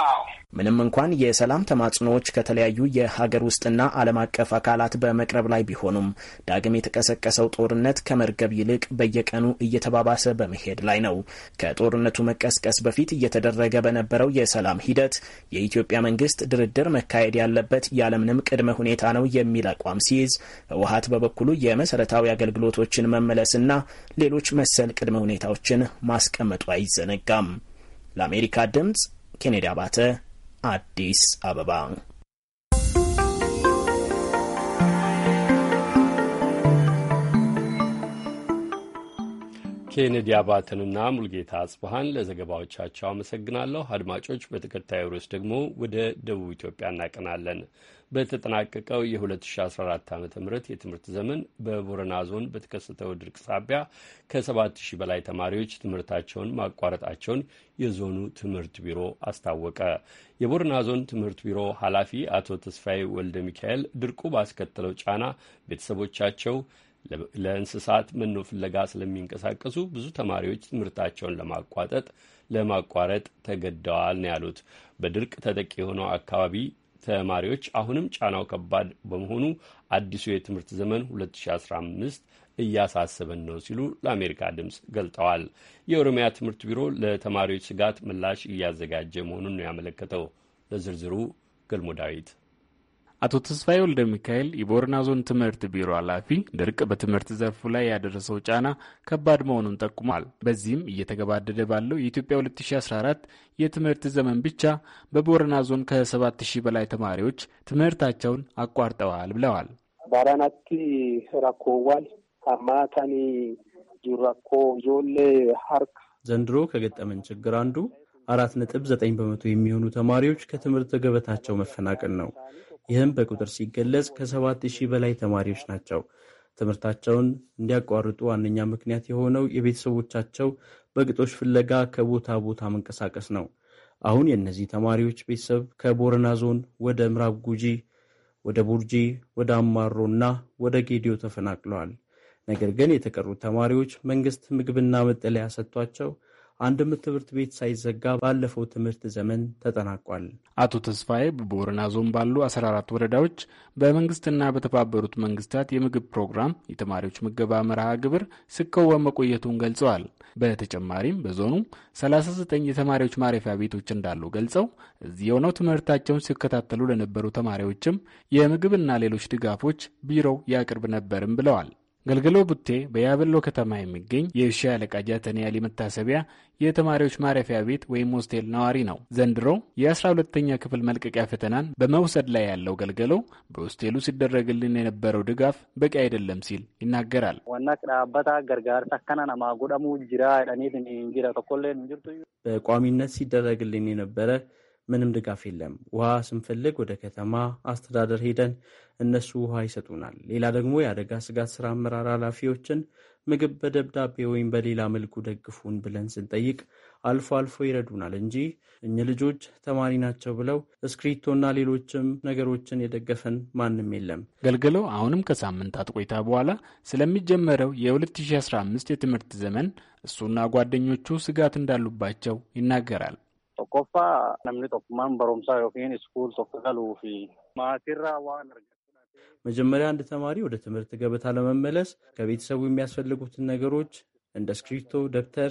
አዎ ምንም እንኳን የሰላም ተማጽኖዎች ከተለያዩ የሀገር ውስጥና ዓለም አቀፍ አካላት በመቅረብ ላይ ቢሆኑም ዳግም የተቀሰቀሰው ጦርነት ከመርገብ ይልቅ በየቀኑ እየተባባሰ በመሄድ ላይ ነው። ከጦርነቱ መቀስቀስ በፊት እየተደረገ በነበረው የሰላም ሂደት የኢትዮጵያ መንግስት ድርድር መካሄድ ያለበት ያለምንም ቅድመ ሁኔታ ነው የሚል አቋም ሲይዝ፣ ህወሀት በበኩሉ የመሰረታዊ አገልግሎቶችን መመለስና ሌሎች መሰል ቅድመ ሁኔታዎችን ማስቀመጡ አይዘነጋም። ለአሜሪካ ድምጽ ኬኔዲ አባተ አዲስ አበባ ኬኔዲ አባትንና ሙልጌታ አጽብሃን ለዘገባዎቻቸው አመሰግናለሁ። አድማጮች፣ በተከታዩ ርዕስ ደግሞ ወደ ደቡብ ኢትዮጵያ እናቀናለን። በተጠናቀቀው የ2014 ዓ ም የትምህርት ዘመን በቦረና ዞን በተከሰተው ድርቅ ሳቢያ ከ7000 በላይ ተማሪዎች ትምህርታቸውን ማቋረጣቸውን የዞኑ ትምህርት ቢሮ አስታወቀ። የቦረና ዞን ትምህርት ቢሮ ኃላፊ አቶ ተስፋዬ ወልደ ሚካኤል ድርቁ ባስከተለው ጫና ቤተሰቦቻቸው ለእንስሳት መኖ ፍለጋ ስለሚንቀሳቀሱ ብዙ ተማሪዎች ትምህርታቸውን ለማቋጠጥ ለማቋረጥ ተገደዋል ነው ያሉት። በድርቅ ተጠቂ የሆነው አካባቢ ተማሪዎች አሁንም ጫናው ከባድ በመሆኑ አዲሱ የትምህርት ዘመን 2015 እያሳሰበን ነው ሲሉ ለአሜሪካ ድምፅ ገልጠዋል። የኦሮሚያ ትምህርት ቢሮ ለተማሪዎች ስጋት ምላሽ እያዘጋጀ መሆኑን ነው ያመለከተው። ለዝርዝሩ ገልሞ ዳዊት አቶ ተስፋዬ ወልደ ሚካኤል የቦረና ዞን ትምህርት ቢሮ ኃላፊ ድርቅ በትምህርት ዘርፉ ላይ ያደረሰው ጫና ከባድ መሆኑን ጠቁሟል። በዚህም እየተገባደደ ባለው የኢትዮጵያ 2014 የትምህርት ዘመን ብቻ በቦረና ዞን ከ7000 በላይ ተማሪዎች ትምህርታቸውን አቋርጠዋል ብለዋል። ባራናቲ ራኮዋል አማታኒ ጁራኮ ጆሌ ሀርክ ዘንድሮ ከገጠመን ችግር አንዱ አራት ነጥብ ዘጠኝ በመቶ የሚሆኑ ተማሪዎች ከትምህርት ገበታቸው መፈናቀል ነው። ይህም በቁጥር ሲገለጽ ከሰባት ሺህ በላይ ተማሪዎች ናቸው። ትምህርታቸውን እንዲያቋርጡ ዋነኛ ምክንያት የሆነው የቤተሰቦቻቸው በግጦሽ ፍለጋ ከቦታ ቦታ መንቀሳቀስ ነው። አሁን የእነዚህ ተማሪዎች ቤተሰብ ከቦረና ዞን ወደ ምዕራብ ጉጂ፣ ወደ ቡርጂ፣ ወደ አማሮ እና ወደ ጌዲዮ ተፈናቅለዋል። ነገር ግን የተቀሩት ተማሪዎች መንግስት ምግብና መጠለያ ሰጥቷቸው አንድም ትምህርት ቤት ሳይዘጋ ባለፈው ትምህርት ዘመን ተጠናቋል። አቶ ተስፋዬ በቦረና ዞን ባሉ 14 ወረዳዎች በመንግስትና በተባበሩት መንግስታት የምግብ ፕሮግራም የተማሪዎች ምገባ መርሃ ግብር ሲከወን መቆየቱን ገልጸዋል። በተጨማሪም በዞኑ 39 የተማሪዎች ማረፊያ ቤቶች እንዳሉ ገልጸው እዚህ የሆነው ትምህርታቸውን ሲከታተሉ ለነበሩ ተማሪዎችም የምግብና ሌሎች ድጋፎች ቢሮው ያቅርብ ነበርም ብለዋል። ገልገሎ ቡቴ በያበሎ ከተማ የሚገኝ የሺ አለቃ ጃተኒ ያሊ መታሰቢያ የተማሪዎች ማረፊያ ቤት ወይም ሆስቴል ነዋሪ ነው። ዘንድሮ የ12ተኛ ክፍል መልቀቂያ ፈተናን በመውሰድ ላይ ያለው ገልገሎ በሆስቴሉ ሲደረግልን የነበረው ድጋፍ በቂ አይደለም ሲል ይናገራል። በቋሚነት ሲደረግልን የነበረ ምንም ድጋፍ የለም። ውሃ ስንፈልግ ወደ ከተማ አስተዳደር ሄደን እነሱ ውሃ ይሰጡናል። ሌላ ደግሞ የአደጋ ስጋት ስራ አመራር ኃላፊዎችን ምግብ በደብዳቤ ወይም በሌላ መልኩ ደግፉን ብለን ስንጠይቅ አልፎ አልፎ ይረዱናል እንጂ እኚህ ልጆች ተማሪ ናቸው ብለው እስክሪቶና ሌሎችም ነገሮችን የደገፈን ማንም የለም። ገልገለው አሁንም ከሳምንታት ቆይታ በኋላ ስለሚጀመረው የ2015 የትምህርት ዘመን እሱና ጓደኞቹ ስጋት እንዳሉባቸው ይናገራል። tokkoffaa namni tokkummaan barumsaa yookiin iskuul tokko galuu fi maatirraa waan መጀመሪያ አንድ ተማሪ ወደ ትምህርት ገበታ ለመመለስ ከቤተሰቡ የሚያስፈልጉትን ነገሮች እንደ እስክሪብቶ፣ ደብተር፣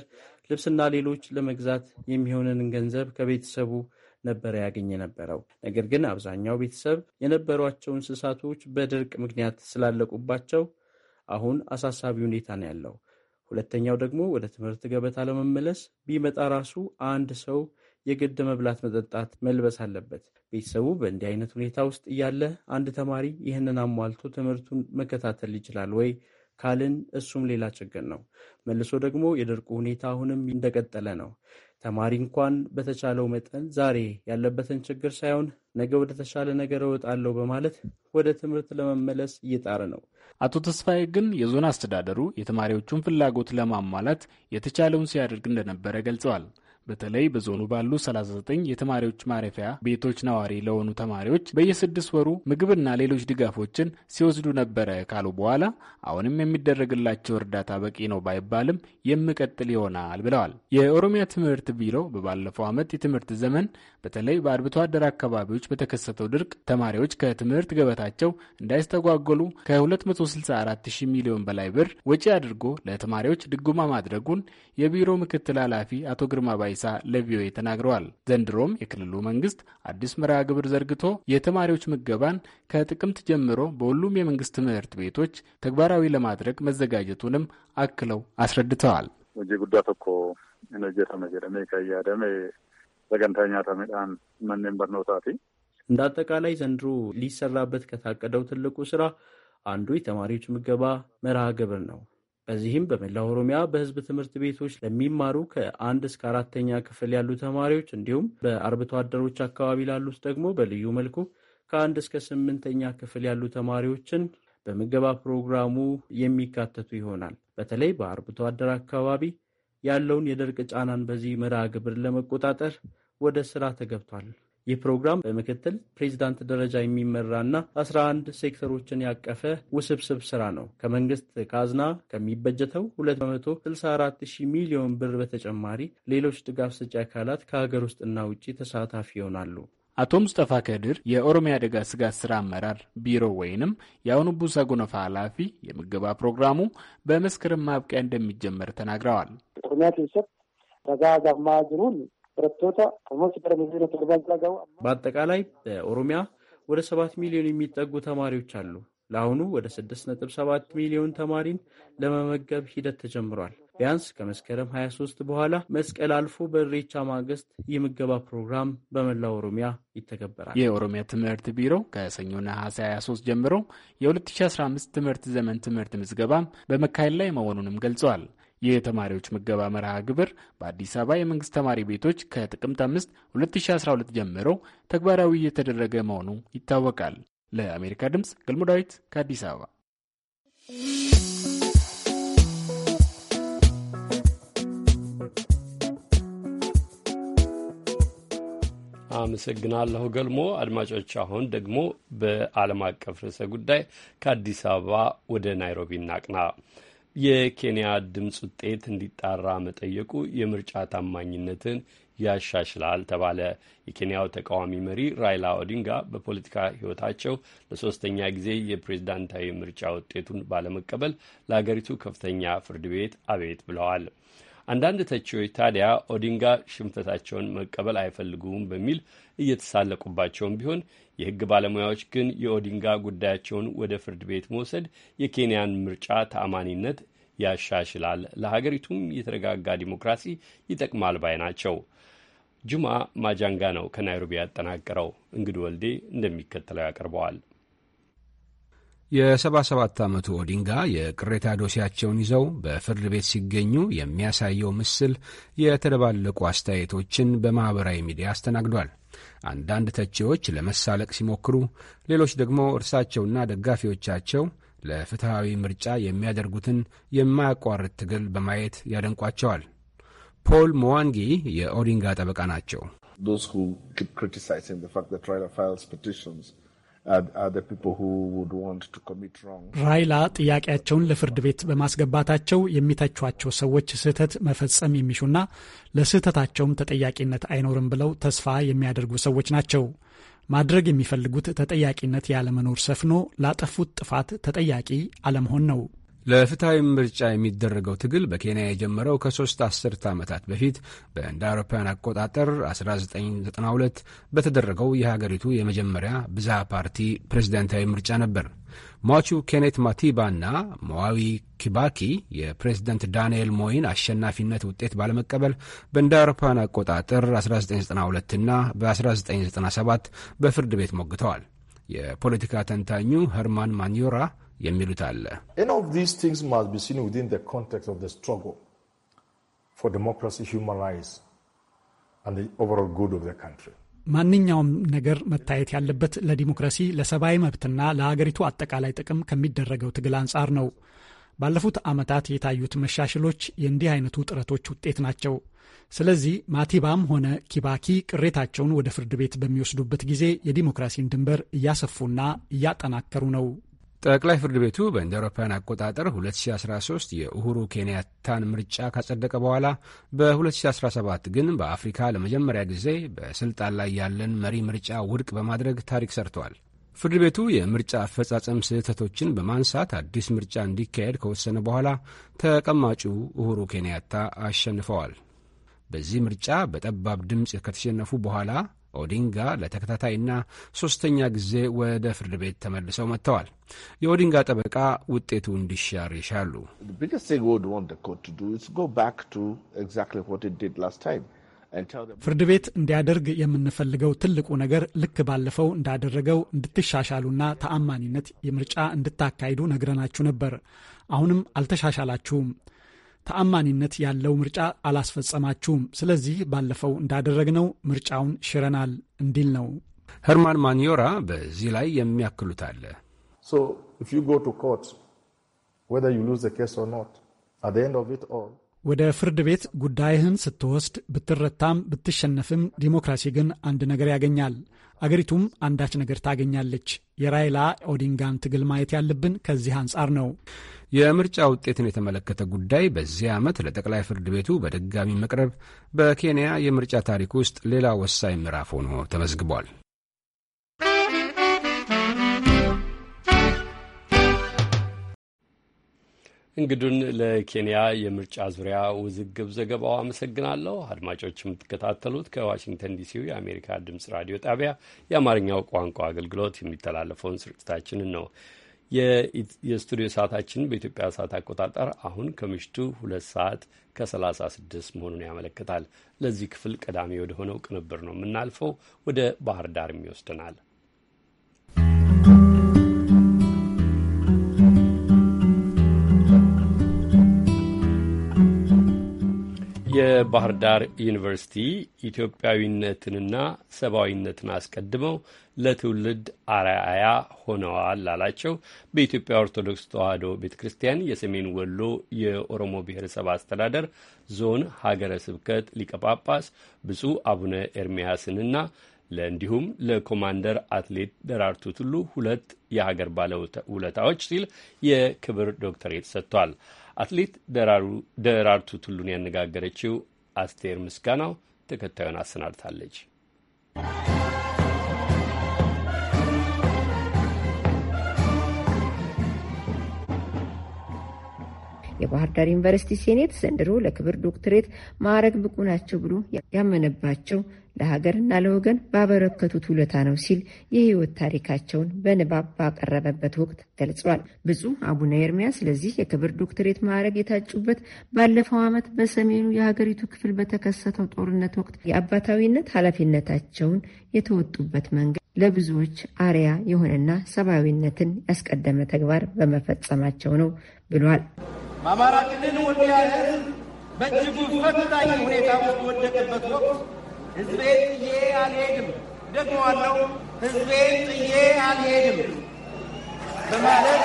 ልብስና ሌሎች ለመግዛት የሚሆንን ገንዘብ ከቤተሰቡ ነበረ ያገኝ የነበረው። ነገር ግን አብዛኛው ቤተሰብ የነበሯቸው እንስሳቶች በድርቅ ምክንያት ስላለቁባቸው አሁን አሳሳቢ ሁኔታ ነው ያለው። ሁለተኛው ደግሞ ወደ ትምህርት ገበታ ለመመለስ ቢመጣ ራሱ አንድ ሰው የግድ መብላት፣ መጠጣት፣ መልበስ አለበት። ቤተሰቡ በእንዲህ አይነት ሁኔታ ውስጥ እያለ አንድ ተማሪ ይህንን አሟልቶ ትምህርቱን መከታተል ይችላል ወይ ካልን እሱም ሌላ ችግር ነው። መልሶ ደግሞ የድርቁ ሁኔታ አሁንም እንደቀጠለ ነው። ተማሪ እንኳን በተቻለው መጠን ዛሬ ያለበትን ችግር ሳይሆን ነገ ወደ ተሻለ ነገር እወጣለሁ በማለት ወደ ትምህርት ለመመለስ እየጣረ ነው። አቶ ተስፋዬ ግን የዞን አስተዳደሩ የተማሪዎቹን ፍላጎት ለማሟላት የተቻለውን ሲያደርግ እንደነበረ ገልጸዋል። በተለይ በዞኑ ባሉ 39 የተማሪዎች ማረፊያ ቤቶች ነዋሪ ለሆኑ ተማሪዎች በየስድስት ወሩ ምግብና ሌሎች ድጋፎችን ሲወስዱ ነበረ ካሉ በኋላ አሁንም የሚደረግላቸው እርዳታ በቂ ነው ባይባልም የሚቀጥል ይሆናል ብለዋል። የኦሮሚያ ትምህርት ቢሮ በባለፈው ዓመት የትምህርት ዘመን በተለይ በአርብቶ አደር አካባቢዎች በተከሰተው ድርቅ ተማሪዎች ከትምህርት ገበታቸው እንዳይስተጓጎሉ ከ264 ሚሊዮን በላይ ብር ወጪ አድርጎ ለተማሪዎች ድጎማ ማድረጉን የቢሮ ምክትል ኃላፊ አቶ ግርማ ባይሳ ለቪኦኤ ተናግረዋል። ዘንድሮም የክልሉ መንግስት አዲስ መርሃ ግብር ዘርግቶ የተማሪዎች ምገባን ከጥቅምት ጀምሮ በሁሉም የመንግስት ትምህርት ቤቶች ተግባራዊ ለማድረግ መዘጋጀቱንም አክለው አስረድተዋል። ሰገንተኛ ተሚዳን መኔን በርኖታቲ እንደ አጠቃላይ ዘንድሮ ሊሰራበት ከታቀደው ትልቁ ስራ አንዱ የተማሪዎች ምገባ መርሃ ግብር ነው። በዚህም በመላ ኦሮሚያ በህዝብ ትምህርት ቤቶች ለሚማሩ ከአንድ እስከ አራተኛ ክፍል ያሉ ተማሪዎች እንዲሁም በአርብቶ አደሮች አካባቢ ላሉት ደግሞ በልዩ መልኩ ከአንድ እስከ ስምንተኛ ክፍል ያሉ ተማሪዎችን በምገባ ፕሮግራሙ የሚካተቱ ይሆናል። በተለይ በአርብቶ አደር አካባቢ ያለውን የድርቅ ጫናን በዚህ መርሃ ግብር ለመቆጣጠር ወደ ስራ ተገብቷል። ይህ ፕሮግራም በምክትል ፕሬዚዳንት ደረጃ የሚመራና 11 ሴክተሮችን ያቀፈ ውስብስብ ስራ ነው። ከመንግስት ካዝና ከሚበጀተው 264 ሚሊዮን ብር በተጨማሪ ሌሎች ድጋፍ ሰጪ አካላት ከሀገር ውስጥና ውጭ ተሳታፊ ይሆናሉ። አቶ ሙስጠፋ ከድር የኦሮሚያ አደጋ ስጋት ስራ አመራር ቢሮ ወይንም የአሁኑ ቡሳ ጎነፋ ኃላፊ የምገባ ፕሮግራሙ በመስከረም ማብቂያ እንደሚጀመር ተናግረዋል። በአጠቃላይ በኦሮሚያ ወደ ሰባት ሚሊዮን የሚጠጉ ተማሪዎች አሉ። ለአሁኑ ወደ ስድስት ነጥብ ሰባት ሚሊዮን ተማሪን ለመመገብ ሂደት ተጀምሯል። ቢያንስ ከመስከረም 23 በኋላ መስቀል አልፎ በሬቻ ማግስት የምገባ ፕሮግራም በመላ ኦሮሚያ ይተገበራል። የኦሮሚያ ትምህርት ቢሮ ከሰኞ ነሐሴ 23 ጀምሮ የ2015 ትምህርት ዘመን ትምህርት ምዝገባ በመካሄድ ላይ መሆኑንም ገልጸዋል። የተማሪዎች ምገባ መርሃ ግብር በአዲስ አበባ የመንግስት ተማሪ ቤቶች ከጥቅምት 5 2012 ጀምሮ ተግባራዊ እየተደረገ መሆኑ ይታወቃል። ለአሜሪካ ድምፅ ገልሞ ዳዊት ከአዲስ አበባ አመሰግናለሁ ገልሞ። አድማጮች፣ አሁን ደግሞ በዓለም አቀፍ ርዕሰ ጉዳይ ከአዲስ አበባ ወደ ናይሮቢ እናቅና። የኬንያ ድምፅ ውጤት እንዲጣራ መጠየቁ የምርጫ ታማኝነትን ያሻሽላል ተባለ። የኬንያው ተቃዋሚ መሪ ራይላ ኦዲንጋ በፖለቲካ ሕይወታቸው ለሶስተኛ ጊዜ የፕሬዝዳንታዊ ምርጫ ውጤቱን ባለመቀበል ለአገሪቱ ከፍተኛ ፍርድ ቤት አቤት ብለዋል። አንዳንድ ተቺዎች ታዲያ ኦዲንጋ ሽንፈታቸውን መቀበል አይፈልጉም በሚል እየተሳለቁባቸውም ቢሆን የሕግ ባለሙያዎች ግን የኦዲንጋ ጉዳያቸውን ወደ ፍርድ ቤት መውሰድ የኬንያን ምርጫ ተአማኒነት ያሻሽላል፣ ለሀገሪቱም የተረጋጋ ዲሞክራሲ ይጠቅማል ባይ ናቸው። ጁማ ማጃንጋ ነው ከናይሮቢ ያጠናቀረው። እንግድ ወልዴ እንደሚከተለው ያቀርበዋል። የ77 ዓመቱ ኦዲንጋ የቅሬታ ዶሴያቸውን ይዘው በፍርድ ቤት ሲገኙ የሚያሳየው ምስል የተደባለቁ አስተያየቶችን በማኅበራዊ ሚዲያ አስተናግዷል። አንዳንድ ተቺዎች ለመሳለቅ ሲሞክሩ፣ ሌሎች ደግሞ እርሳቸውና ደጋፊዎቻቸው ለፍትሐዊ ምርጫ የሚያደርጉትን የማያቋርጥ ትግል በማየት ያደንቋቸዋል። ፖል ሞዋንጊ የኦዲንጋ ጠበቃ ናቸው። ራይላ ጥያቄያቸውን ለፍርድ ቤት በማስገባታቸው የሚተቿቸው ሰዎች ስህተት መፈጸም የሚሹና ለስህተታቸውም ተጠያቂነት አይኖርም ብለው ተስፋ የሚያደርጉ ሰዎች ናቸው። ማድረግ የሚፈልጉት ተጠያቂነት ያለመኖር ሰፍኖ ላጠፉት ጥፋት ተጠያቂ አለመሆን ነው። ለፍትሐዊ ምርጫ የሚደረገው ትግል በኬንያ የጀመረው ከሶስት አስርት ዓመታት በፊት በእንደ አውሮፓውያን አቆጣጠር 1992 በተደረገው የሀገሪቱ የመጀመሪያ ብዝሃ ፓርቲ ፕሬዝደንታዊ ምርጫ ነበር። ሟቹ ኬኔት ማቲባ እና ሞዋዊ ኪባኪ የፕሬዝደንት ዳንኤል ሞይን አሸናፊነት ውጤት ባለመቀበል በእንደ አውሮፓውያን አቆጣጠር 1992 ና በ1997 በፍርድ ቤት ሞግተዋል። የፖለቲካ ተንታኙ ኸርማን ማኒዮራ የሚሉት አለ። ማንኛውም ነገር መታየት ያለበት ለዲሞክራሲ ለሰብአዊ መብትና ለሀገሪቱ አጠቃላይ ጥቅም ከሚደረገው ትግል አንጻር ነው። ባለፉት ዓመታት የታዩት መሻሽሎች የእንዲህ አይነቱ ጥረቶች ውጤት ናቸው። ስለዚህ ማቲባም ሆነ ኪባኪ ቅሬታቸውን ወደ ፍርድ ቤት በሚወስዱበት ጊዜ የዲሞክራሲን ድንበር እያሰፉና እያጠናከሩ ነው ጠቅላይ ፍርድ ቤቱ በእንደ አውሮፓውያን አቆጣጠር 2013 የኡሁሩ ኬንያታን ምርጫ ካጸደቀ በኋላ በ2017 ግን በአፍሪካ ለመጀመሪያ ጊዜ በስልጣን ላይ ያለን መሪ ምርጫ ውድቅ በማድረግ ታሪክ ሰርቷል። ፍርድ ቤቱ የምርጫ አፈጻጸም ስህተቶችን በማንሳት አዲስ ምርጫ እንዲካሄድ ከወሰነ በኋላ ተቀማጩ ኡሁሩ ኬንያታ አሸንፈዋል። በዚህ ምርጫ በጠባብ ድምፅ ከተሸነፉ በኋላ ኦዲንጋ ለተከታታይና ሶስተኛ ጊዜ ወደ ፍርድ ቤት ተመልሰው መጥተዋል። የኦዲንጋ ጠበቃ ውጤቱ እንዲሻር ይሻሉ። ፍርድ ቤት እንዲያደርግ የምንፈልገው ትልቁ ነገር ልክ ባለፈው እንዳደረገው እንድትሻሻሉና ተአማኒነት የምርጫ እንድታካሂዱ ነግረናችሁ ነበር። አሁንም አልተሻሻላችሁም። ተአማኒነት ያለው ምርጫ አላስፈጸማችሁም፣ ስለዚህ ባለፈው እንዳደረግነው ምርጫውን ሽረናል እንዲል ነው። ሄርማን ማንዮራ በዚህ ላይ የሚያክሉት አለ። ወደ ፍርድ ቤት ጉዳይህን ስትወስድ ብትረታም ብትሸነፍም፣ ዲሞክራሲ ግን አንድ ነገር ያገኛል። አገሪቱም አንዳች ነገር ታገኛለች። የራይላ ኦዲንጋን ትግል ማየት ያለብን ከዚህ አንጻር ነው። የምርጫ ውጤትን የተመለከተ ጉዳይ በዚህ ዓመት ለጠቅላይ ፍርድ ቤቱ በድጋሚ መቅረብ በኬንያ የምርጫ ታሪክ ውስጥ ሌላ ወሳኝ ምዕራፍ ሆኖ ተመዝግቧል። እንግዱን ለኬንያ የምርጫ ዙሪያ ውዝግብ ዘገባው አመሰግናለሁ። አድማጮች የምትከታተሉት ከዋሽንግተን ዲሲው የአሜሪካ ድምጽ ራዲዮ ጣቢያ የአማርኛው ቋንቋ አገልግሎት የሚተላለፈውን ስርጭታችንን ነው። የስቱዲዮ ሰዓታችን በኢትዮጵያ ሰዓት አቆጣጠር አሁን ከምሽቱ ሁለት ሰዓት ከ36 መሆኑን ያመለክታል። ለዚህ ክፍል ቀዳሚ ወደ ሆነው ቅንብር ነው የምናልፈው። ወደ ባህር ዳርም ይወስደናል። የባህር ዳር ዩኒቨርሲቲ ኢትዮጵያዊነትንና ሰብአዊነትን አስቀድመው ለትውልድ አርአያ ሆነዋል ላላቸው በኢትዮጵያ ኦርቶዶክስ ተዋሕዶ ቤተ ክርስቲያን የሰሜን ወሎ የኦሮሞ ብሔረሰብ አስተዳደር ዞን ሀገረ ስብከት ሊቀ ጳጳስ ብፁዕ አቡነ ኤርሚያስንና እንዲሁም ለኮማንደር አትሌት ደራርቱ ቱሉ ሁለት የሀገር ባለውለታዎች ሲል የክብር ዶክተሬት ሰጥቷል። አትሌት ደራርቱ ቱሉን ያነጋገረችው አስቴር ምስጋናው ተከታዩን አሰናድታለች። የባህር ዳር ዩኒቨርሲቲ ሴኔት ዘንድሮ ለክብር ዶክትሬት ማዕረግ ብቁ ናቸው ብሎ ያመነባቸው ለሀገርና ለወገን ባበረከቱት ውለታ ነው ሲል የህይወት ታሪካቸውን በንባብ ባቀረበበት ወቅት ገልጿል። ብፁዕ አቡነ ኤርሚያስ ለዚህ የክብር ዶክትሬት ማዕረግ የታጩበት ባለፈው ዓመት በሰሜኑ የሀገሪቱ ክፍል በተከሰተው ጦርነት ወቅት የአባታዊነት ኃላፊነታቸውን የተወጡበት መንገድ ለብዙዎች አርያ የሆነና ሰብአዊነትን ያስቀደመ ተግባር በመፈጸማቸው ነው ብሏል። አማራ ክልል ህዝብ በእጅጉ ፈታኝ ሁኔታ ውስጥ ወደቀበት ወቅት ሕዝቤን ጥዬ አልሄድም፣ ደግሞ አለው ጥዬ አልሄድም በማለት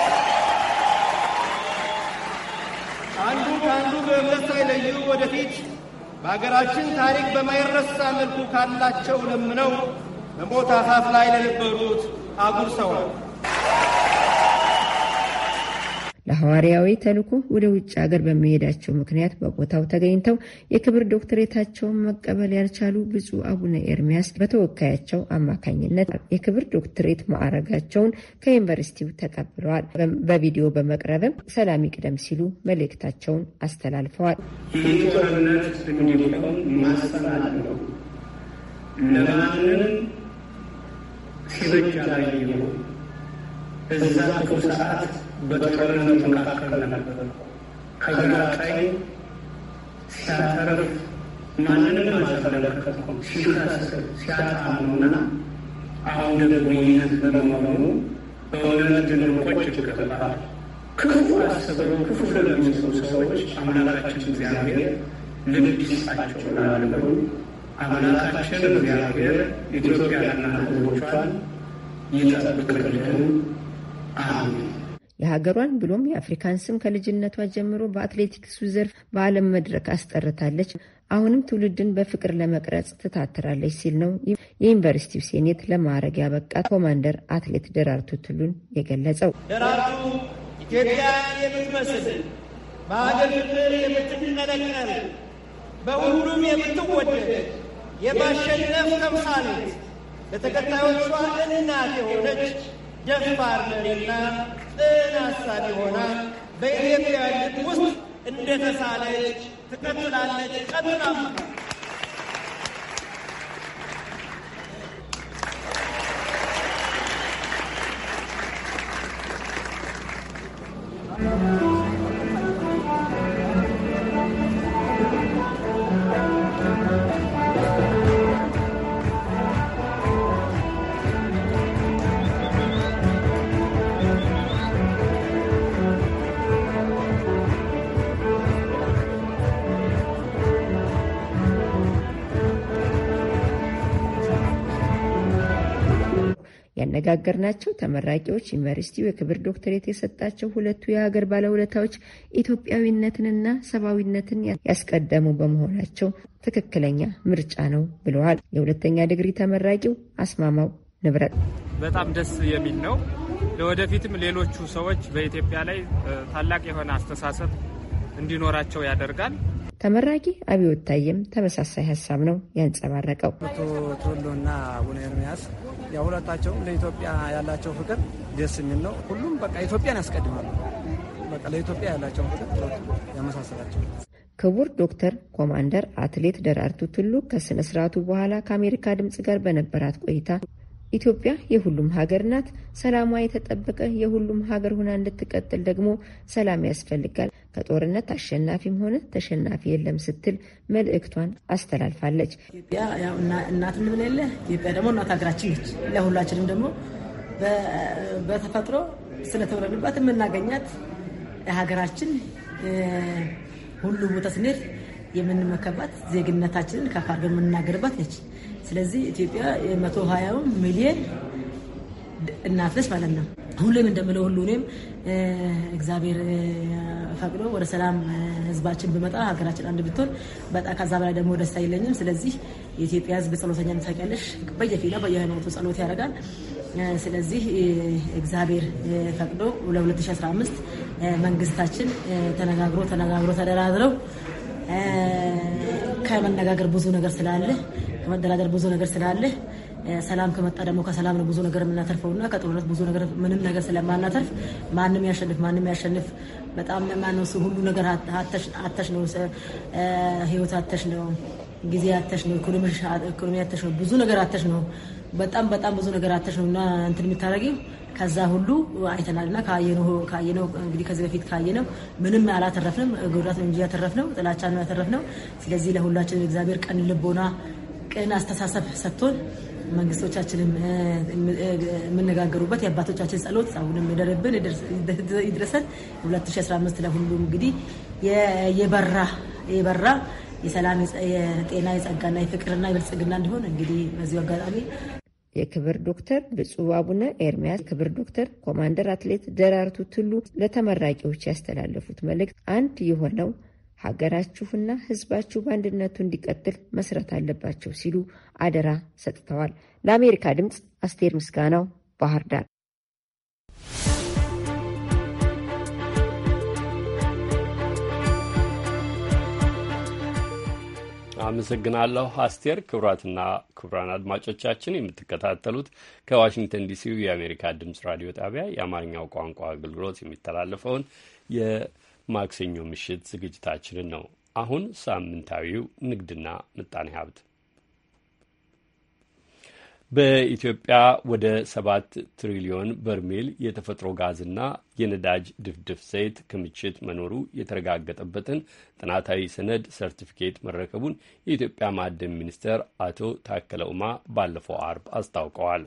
አንዱ ከአንዱ በእምነት ሳይለዩ ወደፊት በሀገራችን ታሪክ በማይረሳ መልኩ ካላቸው ለምነው በሞት አፋፍ ላይ ለነበሩት አጉርሰዋል። ለሐዋርያዊ ተልኮ ወደ ውጭ ሀገር በመሄዳቸው ምክንያት በቦታው ተገኝተው የክብር ዶክትሬታቸውን መቀበል ያልቻሉ ብፁዕ አቡነ ኤርሚያስ በተወካያቸው አማካኝነት የክብር ዶክትሬት ማዕረጋቸውን ከዩኒቨርሲቲው ተቀብለዋል። በቪዲዮ በመቅረብም ሰላም ይቅደም ሲሉ መልእክታቸውን አስተላልፈዋል። ይህ ጦርነት እንዲቆም ማስተላለፍ ለማንም በዛቸው ሰዓት በጦርነት መካከል ነበር። ከግራ ቀኝ ሲያተርፍ ማንንም አልተመለከትኩም። ሲከስር ሲያጣም አሁን ደግሞ በመሆኑ በእውነት ልንቆጭ ይገባል። ክፉ አስበው ክፉ ለሚሰሩ ሰዎች አምላካችን እግዚአብሔር ልምድ ይስጣቸው ላለሁ አምላካችን እግዚአብሔር ኢትዮጵያና ሕዝቦቿን ይጠብቅልን። የሀገሯን ብሎም የአፍሪካን ስም ከልጅነቷ ጀምሮ በአትሌቲክሱ ዘርፍ በዓለም መድረክ አስጠርታለች። አሁንም ትውልድን በፍቅር ለመቅረጽ ትታትራለች ሲል ነው የዩኒቨርሲቲው ሴኔት ለማዕረግ ያበቃት ኮማንደር አትሌት ደራርቱ ቱሉን የገለጸው። ደራርቱ ኢትዮጵያ የምትመስል በሀገር ፍቅር የምትንቀለቀል በሁሉም የምትወደድ የማሸነፍ ተምሳሌት ለተከታዮቿ እናት የሆነች ደፋር መሪና ጽን አሳቢ ሆና በኢትዮጵያ ውስጥ እንደተሳለች ትቀጥላለች፣ ቀጥላ ያነጋገርናቸው ተመራቂዎች ዩኒቨርሲቲው የክብር ዶክተሬት የሰጣቸው ሁለቱ የሀገር ባለውለታዎች ኢትዮጵያዊነትንና ሰብአዊነትን ያስቀደሙ በመሆናቸው ትክክለኛ ምርጫ ነው ብለዋል። የሁለተኛ ዲግሪ ተመራቂው አስማማው ንብረት በጣም ደስ የሚል ነው። ለወደፊትም ሌሎቹ ሰዎች በኢትዮጵያ ላይ ታላቅ የሆነ አስተሳሰብ እንዲኖራቸው ያደርጋል። ተመራቂ አብዮት ታየም ተመሳሳይ ሀሳብ ነው ያንጸባረቀው። አቶ ቶሎና አቡነ ኤርሚያስ ያው ለኢትዮጵያ ያላቸው ፍቅር ደስ የሚል ነው። ሁሉም በቃ ኢትዮጵያን ያስቀድማሉ። በቃ ለኢትዮጵያ ያላቸው ፍቅር ያመሳሰላቸው። ክቡር ዶክተር ኮማንደር አትሌት ደራርቱ ቱሉ ከስነ ስርዓቱ በኋላ ከአሜሪካ ድምፅ ጋር በነበራት ቆይታ ኢትዮጵያ የሁሉም ሀገር ናት፣ ሰላሟ የተጠበቀ የሁሉም ሀገር ሁና እንድትቀጥል ደግሞ ሰላም ያስፈልጋል ከጦርነት አሸናፊም ሆነ ተሸናፊ የለም ስትል መልእክቷን አስተላልፋለች። ኢትዮጵያ እናት እንብል የለ ኢትዮጵያ ደግሞ እናት ሀገራችን ነች። ለሁላችንም ደግሞ በተፈጥሮ ስለተወረድባት የምናገኛት ሀገራችን ሁሉ ቦታ ስንሄድ የምንመከባት ዜግነታችንን ከፍ አድርገን የምንናገርባት ነች። ስለዚህ ኢትዮጵያ የመቶ ሀያውን ሚሊየን እናፍስ ማለት ነው። ሁሌም እንደምለው ሁሉ እኔም እግዚአብሔር ፈቅዶ ወደ ሰላም ህዝባችን ብመጣ ሀገራችን አንድ ብትሆን በጣም ከዛ በላይ ደግሞ ደስ አይለኝም። ስለዚህ የኢትዮጵያ ህዝብ ጸሎተኛ ታውቂያለሽ፣ በየፊና በየሃይማኖቱ ጸሎት ያደርጋል። ስለዚህ እግዚአብሔር ፈቅዶ ለ2015 መንግስታችን ተነጋግሮ ተነጋግሮ ተደራድረው ከመነጋገር ብዙ ነገር ስላለ ከመደራደር ብዙ ነገር ስላለ ሰላም ከመጣ ደግሞ ከሰላም ነው ብዙ ነገር የምናተርፈው እና ከጦርነት ብዙ ነገር ምንም ነገር ስለማናተርፍ ማንም ያሸንፍ ማንም ያሸንፍ በጣም ለማነው ሁሉ ነገር አተሽ ነው ህይወት አተሽ ነው ጊዜ አተሽ ነው ኢኮኖሚ አተሽ ነው ብዙ ነገር አተሽ ነው በጣም በጣም ብዙ ነገር አተሽ ነው እና እንትን የምታደረጊ ከዛ ሁሉ አይተናል እና ካየነው እንግዲህ ከዚህ በፊት ካየነው ምንም አላተረፍንም። ጉዳት እንጂ ያተረፍነው ጥላቻ ነው ያተረፍነው። ስለዚህ ለሁላችን እግዚአብሔር ቀን ልቦና፣ ቅን አስተሳሰብ ሰጥቶን መንግስቶቻችንም የምነጋገሩበት የአባቶቻችን ጸሎት አሁንም ይደርብን ይድረሰን። 2015 ለሁሉም እንግዲህ የበራ የበራ የሰላም የጤና የጸጋና የፍቅርና የብልጽግና እንዲሆን እንግዲህ በዚሁ አጋጣሚ የክብር ዶክተር ብፁዕ አቡነ ኤርሚያስ ክብር ዶክተር ኮማንደር አትሌት ደራርቱ ቱሉ ለተመራቂዎች ያስተላለፉት መልእክት አንድ የሆነው ሀገራችሁና ህዝባችሁ በአንድነቱ እንዲቀጥል መስራት አለባቸው ሲሉ አደራ ሰጥተዋል። ለአሜሪካ ድምፅ አስቴር ምስጋናው ባህር ዳር። አመሰግናለሁ አስቴር። ክቡራትና ክቡራን አድማጮቻችን የምትከታተሉት ከዋሽንግተን ዲሲው የአሜሪካ ድምፅ ራዲዮ ጣቢያ የአማርኛው ቋንቋ አገልግሎት የሚተላለፈውን ማክሰኞ ምሽት ዝግጅታችንን ነው። አሁን ሳምንታዊው ንግድና ምጣኔ ሀብት በኢትዮጵያ ወደ ሰባት ትሪሊዮን በርሜል የተፈጥሮ ጋዝና የነዳጅ ድፍድፍ ዘይት ክምችት መኖሩ የተረጋገጠበትን ጥናታዊ ሰነድ ሰርቲፊኬት መረከቡን የኢትዮጵያ ማዕድን ሚኒስቴር አቶ ታከለ ኡማ ባለፈው አርብ አስታውቀዋል።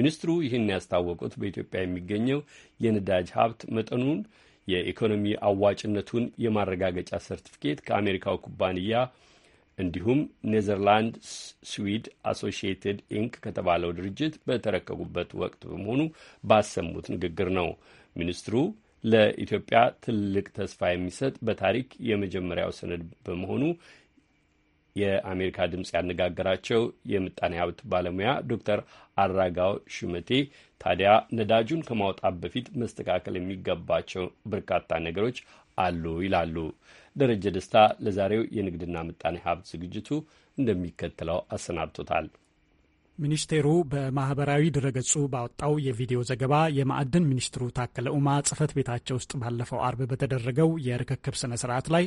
ሚኒስትሩ ይህን ያስታወቁት በኢትዮጵያ የሚገኘው የነዳጅ ሀብት መጠኑን የኢኮኖሚ አዋጭነቱን የማረጋገጫ ሰርቲፊኬት ከአሜሪካው ኩባንያ እንዲሁም ኔዘርላንድ ስዊድ አሶሺየትድ ኢንክ ከተባለው ድርጅት በተረከቡበት ወቅት በመሆኑ ባሰሙት ንግግር ነው። ሚኒስትሩ ለኢትዮጵያ ትልቅ ተስፋ የሚሰጥ በታሪክ የመጀመሪያው ሰነድ በመሆኑ የአሜሪካ ድምፅ ያነጋገራቸው የምጣኔ ሀብት ባለሙያ ዶክተር አራጋው ሹመቴ ታዲያ ነዳጁን ከማውጣት በፊት መስተካከል የሚገባቸው በርካታ ነገሮች አሉ ይላሉ። ደረጀ ደስታ ለዛሬው የንግድና ምጣኔ ሀብት ዝግጅቱ እንደሚከተለው አሰናድቶታል። ሚኒስቴሩ በማህበራዊ ድረገጹ ባወጣው የቪዲዮ ዘገባ የማዕድን ሚኒስትሩ ታከለ ኡማ ጽህፈት ቤታቸው ውስጥ ባለፈው አርብ በተደረገው የርክክብ ስነ ስርዓት ላይ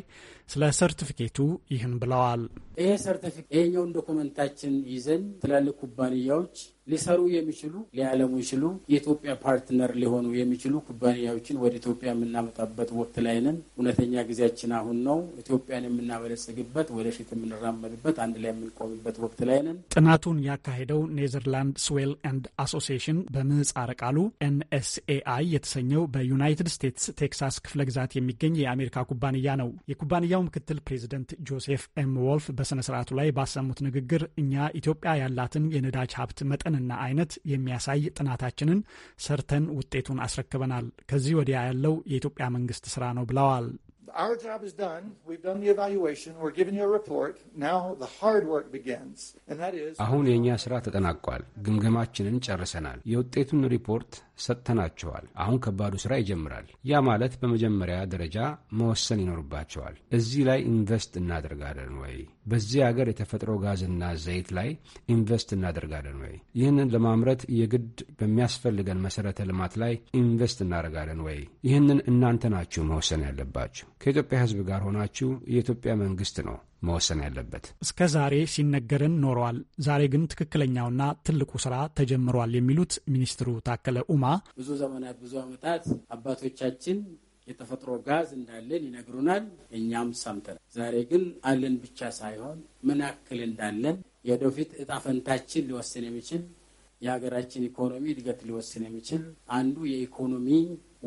ስለ ሰርቲፊኬቱ ይህን ብለዋል። ይሄ ሰርቲፊኬት ይሄኛውን ዶኩመንታችን ይዘን ትላልቅ ኩባንያዎች ሊሰሩ የሚችሉ ሊያለሙ ይችሉ የኢትዮጵያ ፓርትነር ሊሆኑ የሚችሉ ኩባንያዎችን ወደ ኢትዮጵያ የምናመጣበት ወቅት ላይ ነን። እውነተኛ ጊዜያችን አሁን ነው። ኢትዮጵያን የምናበለጽግበት፣ ወደፊት የምንራመድበት፣ አንድ ላይ የምንቆምበት ወቅት ላይ ነን። ጥናቱን ያካሄደው ኔዘርላንድ ስዌል ኤንድ አሶሲሽን በምህጻረ ቃሉ ኤንኤስኤአይ የተሰኘው በዩናይትድ ስቴትስ ቴክሳስ ክፍለ ግዛት የሚገኝ የአሜሪካ ኩባንያ ነው። የኩባንያው ምክትል ፕሬዚደንት ጆሴፍ ኤም በስነ-ስርዓቱ ላይ ባሰሙት ንግግር እኛ ኢትዮጵያ ያላትን የነዳጅ ሀብት መጠን መጠንና አይነት የሚያሳይ ጥናታችንን ሰርተን ውጤቱን አስረክበናል። ከዚህ ወዲያ ያለው የኢትዮጵያ መንግስት ስራ ነው ብለዋል። አሁን የእኛ ስራ ተጠናቋል። ግምገማችንን ጨርሰናል። የውጤቱን ሪፖርት ሰጥተናቸዋል። አሁን ከባዱ ስራ ይጀምራል። ያ ማለት በመጀመሪያ ደረጃ መወሰን ይኖርባቸዋል። እዚህ ላይ ኢንቨስት እናደርጋለን ወይ በዚህ አገር የተፈጥሮ ጋዝና ዘይት ላይ ኢንቨስት እናደርጋለን ወይ? ይህንን ለማምረት የግድ በሚያስፈልገን መሰረተ ልማት ላይ ኢንቨስት እናደርጋለን ወይ? ይህንን እናንተ ናችሁ መወሰን ያለባችሁ። ከኢትዮጵያ ሕዝብ ጋር ሆናችሁ የኢትዮጵያ መንግስት ነው መወሰን ያለበት። እስከ ዛሬ ሲነገርን ኖረዋል። ዛሬ ግን ትክክለኛውና ትልቁ ስራ ተጀምሯል የሚሉት ሚኒስትሩ ታከለ ኡማ ብዙ ዘመናት ብዙ ዓመታት አባቶቻችን የተፈጥሮ ጋዝ እንዳለን ይነግሩናል። እኛም ሰምተን ዛሬ ግን አለን ብቻ ሳይሆን ምን ያክል እንዳለን የወደፊት እጣፈንታችን ሊወስን የሚችል የሀገራችን ኢኮኖሚ እድገት ሊወስን የሚችል አንዱ የኢኮኖሚ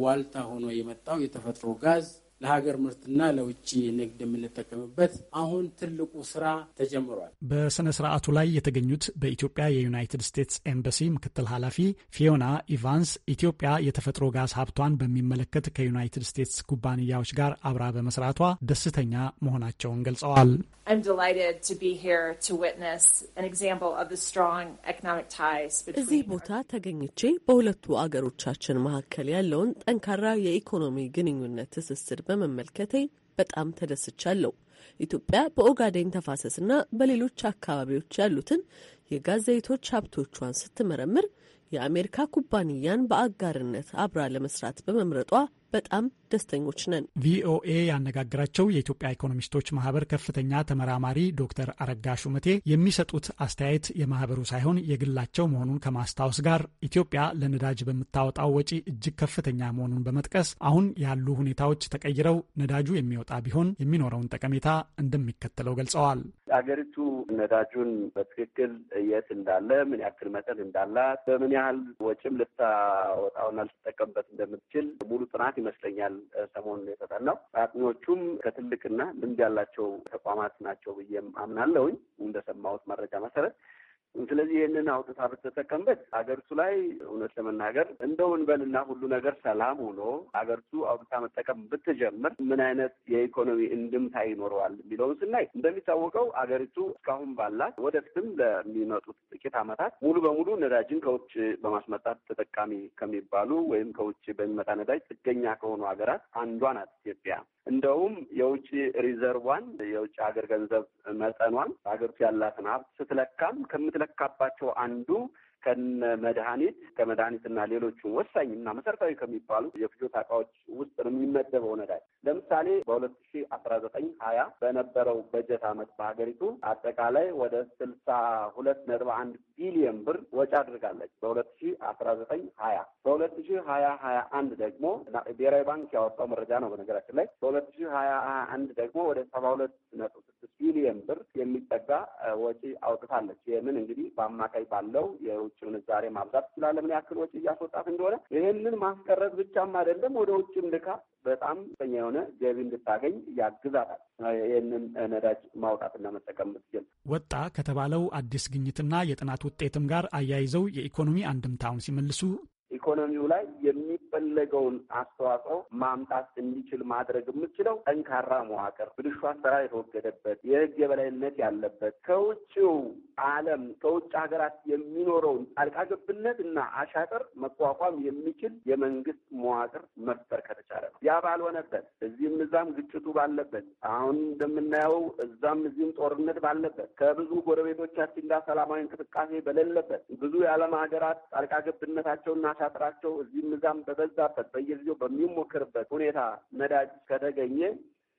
ዋልታ ሆኖ የመጣው የተፈጥሮ ጋዝ ለሀገር ምርትና ለውጭ ንግድ የምንጠቀምበት አሁን ትልቁ ስራ ተጀምሯል። በስነ ስርዓቱ ላይ የተገኙት በኢትዮጵያ የዩናይትድ ስቴትስ ኤምባሲ ምክትል ኃላፊ ፊዮና ኢቫንስ ኢትዮጵያ የተፈጥሮ ጋዝ ሀብቷን በሚመለከት ከዩናይትድ ስቴትስ ኩባንያዎች ጋር አብራ በመስራቷ ደስተኛ መሆናቸውን ገልጸዋል። I'm delighted to be here to witness an example of the strong economic ties between እዚህ ቦታ ተገኝቼ በሁለቱ አገሮቻችን መካከል ያለውን ጠንካራ የኢኮኖሚ ግንኙነት ትስስር በመመልከቴ በጣም ተደስቻለሁ። ኢትዮጵያ በኦጋዴን ተፋሰስና በሌሎች አካባቢዎች ያሉትን የጋዝ ዘይቶች ሀብቶቿን ስትመረምር የአሜሪካ ኩባንያን በአጋርነት አብራ ለመስራት በመምረጧ በጣም ደስተኞች ነን። ቪኦኤ ያነጋግራቸው የኢትዮጵያ ኢኮኖሚስቶች ማህበር ከፍተኛ ተመራማሪ ዶክተር አረጋ ሹመቴ የሚሰጡት አስተያየት የማህበሩ ሳይሆን የግላቸው መሆኑን ከማስታወስ ጋር ኢትዮጵያ ለነዳጅ በምታወጣው ወጪ እጅግ ከፍተኛ መሆኑን በመጥቀስ አሁን ያሉ ሁኔታዎች ተቀይረው ነዳጁ የሚወጣ ቢሆን የሚኖረውን ጠቀሜታ እንደሚከተለው ገልጸዋል። አገሪቱ ነዳጁን በትክክል የት እንዳለ፣ ምን ያክል መጠን እንዳላት፣ በምን ያህል ወጪም ልታወጣውና ልትጠቀምበት እንደምትችል ሙሉ ጥናት ተቋማት ይመስለኛል ሰሞኑን የተጠናው። አጥኚዎቹም ከትልቅና ልምድ ያላቸው ተቋማት ናቸው ብዬም አምናለሁኝ። እንደሰማሁት መረጃ መሰረት ስለዚህ ይህንን አውጥታ ብትጠቀምበት ሀገሪቱ ላይ እውነት ለመናገር እንደውን እንበልና ሁሉ ነገር ሰላም ሆኖ ሀገሪቱ አውጥታ መጠቀም ብትጀምር ምን አይነት የኢኮኖሚ እንድምታ ይኖረዋል የሚለውን ስናይ እንደሚታወቀው ሀገሪቱ እስካሁን ባላት ወደፊትም ለሚመጡት ጥቂት ዓመታት ሙሉ በሙሉ ነዳጅን ከውጭ በማስመጣት ተጠቃሚ ከሚባሉ ወይም ከውጭ በሚመጣ ነዳጅ ጥገኛ ከሆኑ ሀገራት አንዷ ናት ኢትዮጵያ። እንደውም የውጭ ሪዘርቧን የውጭ ሀገር ገንዘብ መጠኗን ሀገሪቱ ያላትን ሀብት ስትለካም ከምትለካባቸው አንዱ ከነ መድኃኒት ከመድኃኒትና ሌሎቹ ወሳኝ እና መሰረታዊ ከሚባሉ የፍጆታ እቃዎች ውስጥ ነው የሚመደበው ነዳጅ። ለምሳሌ በሁለት ሺ አስራ ዘጠኝ ሀያ በነበረው በጀት ዓመት በሀገሪቱ አጠቃላይ ወደ ስልሳ ሁለት ነጥብ አንድ ቢሊየን ብር ወጪ አድርጋለች በሁለት ሺ አስራ ዘጠኝ ሀያ በሁለት ሺ ሀያ ሀያ አንድ ደግሞ ብሔራዊ ባንክ ያወጣው መረጃ ነው በነገራችን ላይ በሁለት ሺ ሀያ ሀያ አንድ ደግሞ ወደ ሰባ ሁለት ነጥብ ቢሊየን ብር የሚጠጋ ወጪ አውጥታለች። ይህንን እንግዲህ በአማካይ ባለው የውጭ ምንዛሬ ማብዛት ትችላለ ምን ያክል ወጪ እያስወጣት እንደሆነ። ይህንን ማስቀረት ብቻም አይደለም ወደ ውጭም ልካ በጣም ተኛ የሆነ ገቢ እንድታገኝ ያግዛታል። ይህንን ነዳጅ ማውጣትና መጠቀም ምትችል ወጣ ከተባለው አዲስ ግኝትና የጥናት ውጤትም ጋር አያይዘው የኢኮኖሚ አንድምታውን ሲመልሱ ኢኮኖሚው ላይ የሚፈለገውን አስተዋጽኦ ማምጣት እንዲችል ማድረግ የምችለው ጠንካራ መዋቅር፣ ብልሹ አሰራር የተወገደበት፣ የህግ የበላይነት ያለበት፣ ከውጭው ዓለም ከውጭ ሀገራት የሚኖረውን ጣልቃ ገብነት እና አሻጥር መቋቋም የሚችል የመንግስት መዋቅር መፍጠር ከተቻለ ነው። ያ ባልሆነበት እዚህም እዛም ግጭቱ ባለበት አሁን እንደምናየው እዛም እዚህም ጦርነት ባለበት ከብዙ ጎረቤቶቻችን ጋር ሰላማዊ እንቅስቃሴ በሌለበት ብዙ የዓለም ሀገራት ጣልቃ ገብነታቸውና ሲያጥራቸው እዚህም እዛም በበዛበት በየጊዜው በሚሞክርበት ሁኔታ ነዳጅ ከተገኘ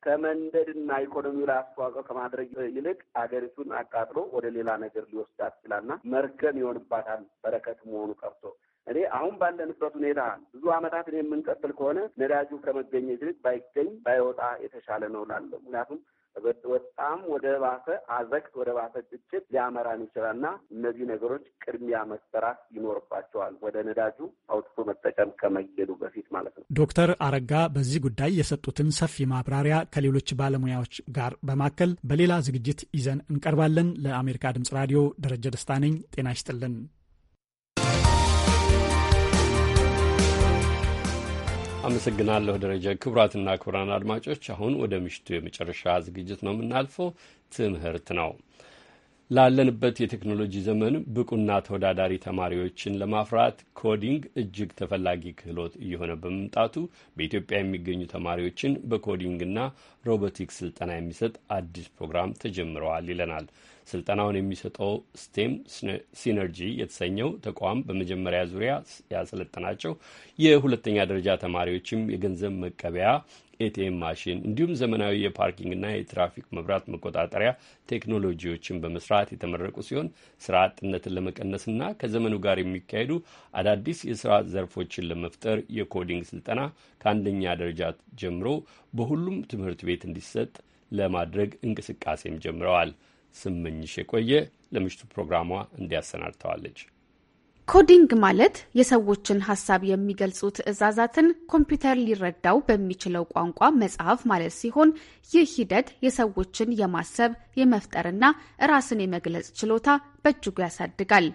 ከመንደድና ኢኮኖሚው ላይ አስተዋጽኦ ከማድረግ ይልቅ አገሪቱን አቃጥሎ ወደ ሌላ ነገር ሊወስዳት ይችላልና መርገም ይሆንባታል። በረከት መሆኑ ቀርቶ እኔ አሁን ባለንበት ሁኔታ ብዙ ዓመታት የምንቀጥል ከሆነ ነዳጁ ከመገኘት ይልቅ ባይገኝ ባይወጣ የተሻለ ነው ላለው ምክንያቱም በጣም ወደ ባሰ አዘቅት ወደ ባሰ ግጭት ሊያመራን ይችላል እና እነዚህ ነገሮች ቅድሚያ መሰራት ይኖርባቸዋል። ወደ ነዳጁ አውጥቶ መጠቀም ከመሄዱ በፊት ማለት ነው። ዶክተር አረጋ በዚህ ጉዳይ የሰጡትን ሰፊ ማብራሪያ ከሌሎች ባለሙያዎች ጋር በማከል በሌላ ዝግጅት ይዘን እንቀርባለን። ለአሜሪካ ድምጽ ራዲዮ ደረጀ ደስታ ነኝ። ጤና ይስጥልን። አመሰግናለሁ ደረጀ። ክቡራትና ክቡራን አድማጮች አሁን ወደ ምሽቱ የመጨረሻ ዝግጅት ነው የምናልፈው። ትምህርት ነው። ላለንበት የቴክኖሎጂ ዘመን ብቁና ተወዳዳሪ ተማሪዎችን ለማፍራት ኮዲንግ እጅግ ተፈላጊ ክህሎት እየሆነ በመምጣቱ በኢትዮጵያ የሚገኙ ተማሪዎችን በኮዲንግና ሮቦቲክስ ስልጠና የሚሰጥ አዲስ ፕሮግራም ተጀምረዋል ይለናል ስልጠናውን የሚሰጠው ስቴም ሲነርጂ የተሰኘው ተቋም በመጀመሪያ ዙሪያ ያሰለጠናቸው የሁለተኛ ደረጃ ተማሪዎችም የገንዘብ መቀበያ ኤቲኤም ማሽን እንዲሁም ዘመናዊ የፓርኪንግና የትራፊክ መብራት መቆጣጠሪያ ቴክኖሎጂዎችን በመስራት የተመረቁ ሲሆን ስራ አጥነትን ለመቀነስና ከዘመኑ ጋር የሚካሄዱ አዳዲስ የስራ ዘርፎችን ለመፍጠር የኮዲንግ ስልጠና ከአንደኛ ደረጃ ጀምሮ በሁሉም ትምህርት ቤት እንዲሰጥ ለማድረግ እንቅስቃሴም ጀምረዋል። ስመኝሽ የቆየ ለምሽቱ ፕሮግራሟ እንዲያሰናድተዋለች። ኮዲንግ ማለት የሰዎችን ሀሳብ የሚገልጹ ትዕዛዛትን ኮምፒውተር ሊረዳው በሚችለው ቋንቋ መጻፍ ማለት ሲሆን ይህ ሂደት የሰዎችን የማሰብ የመፍጠርና ራስን የመግለጽ ችሎታ በእጅጉ ያሳድጋል።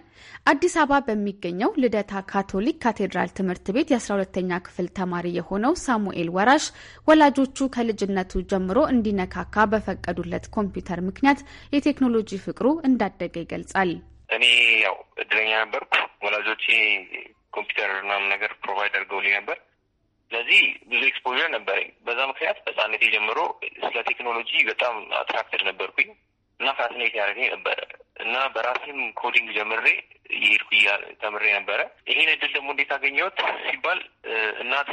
አዲስ አበባ በሚገኘው ልደታ ካቶሊክ ካቴድራል ትምህርት ቤት የ12ተኛ ክፍል ተማሪ የሆነው ሳሙኤል ወራሽ ወላጆቹ ከልጅነቱ ጀምሮ እንዲነካካ በፈቀዱለት ኮምፒውተር ምክንያት የቴክኖሎጂ ፍቅሩ እንዳደገ ይገልጻል። እኔ ያው እድለኛ ነበርኩ። ወላጆቼ ኮምፒውተር ምናምን ነገር ፕሮቫይድ አድርገውልኝ ነበር። ስለዚህ ብዙ ኤክስፖዥር ነበረኝ። በዛ ምክንያት በህጻነቴ ጀምሮ ስለ ቴክኖሎጂ በጣም አትራክትድ ነበርኩኝ እና ፋሲኔት ያደረገኝ ነበረ እና በራሴም ኮዲንግ ጀምሬ እየሄድኩ ተምሬ ነበረ። ይሄን እድል ደግሞ እንዴት አገኘሁት ሲባል እናቴ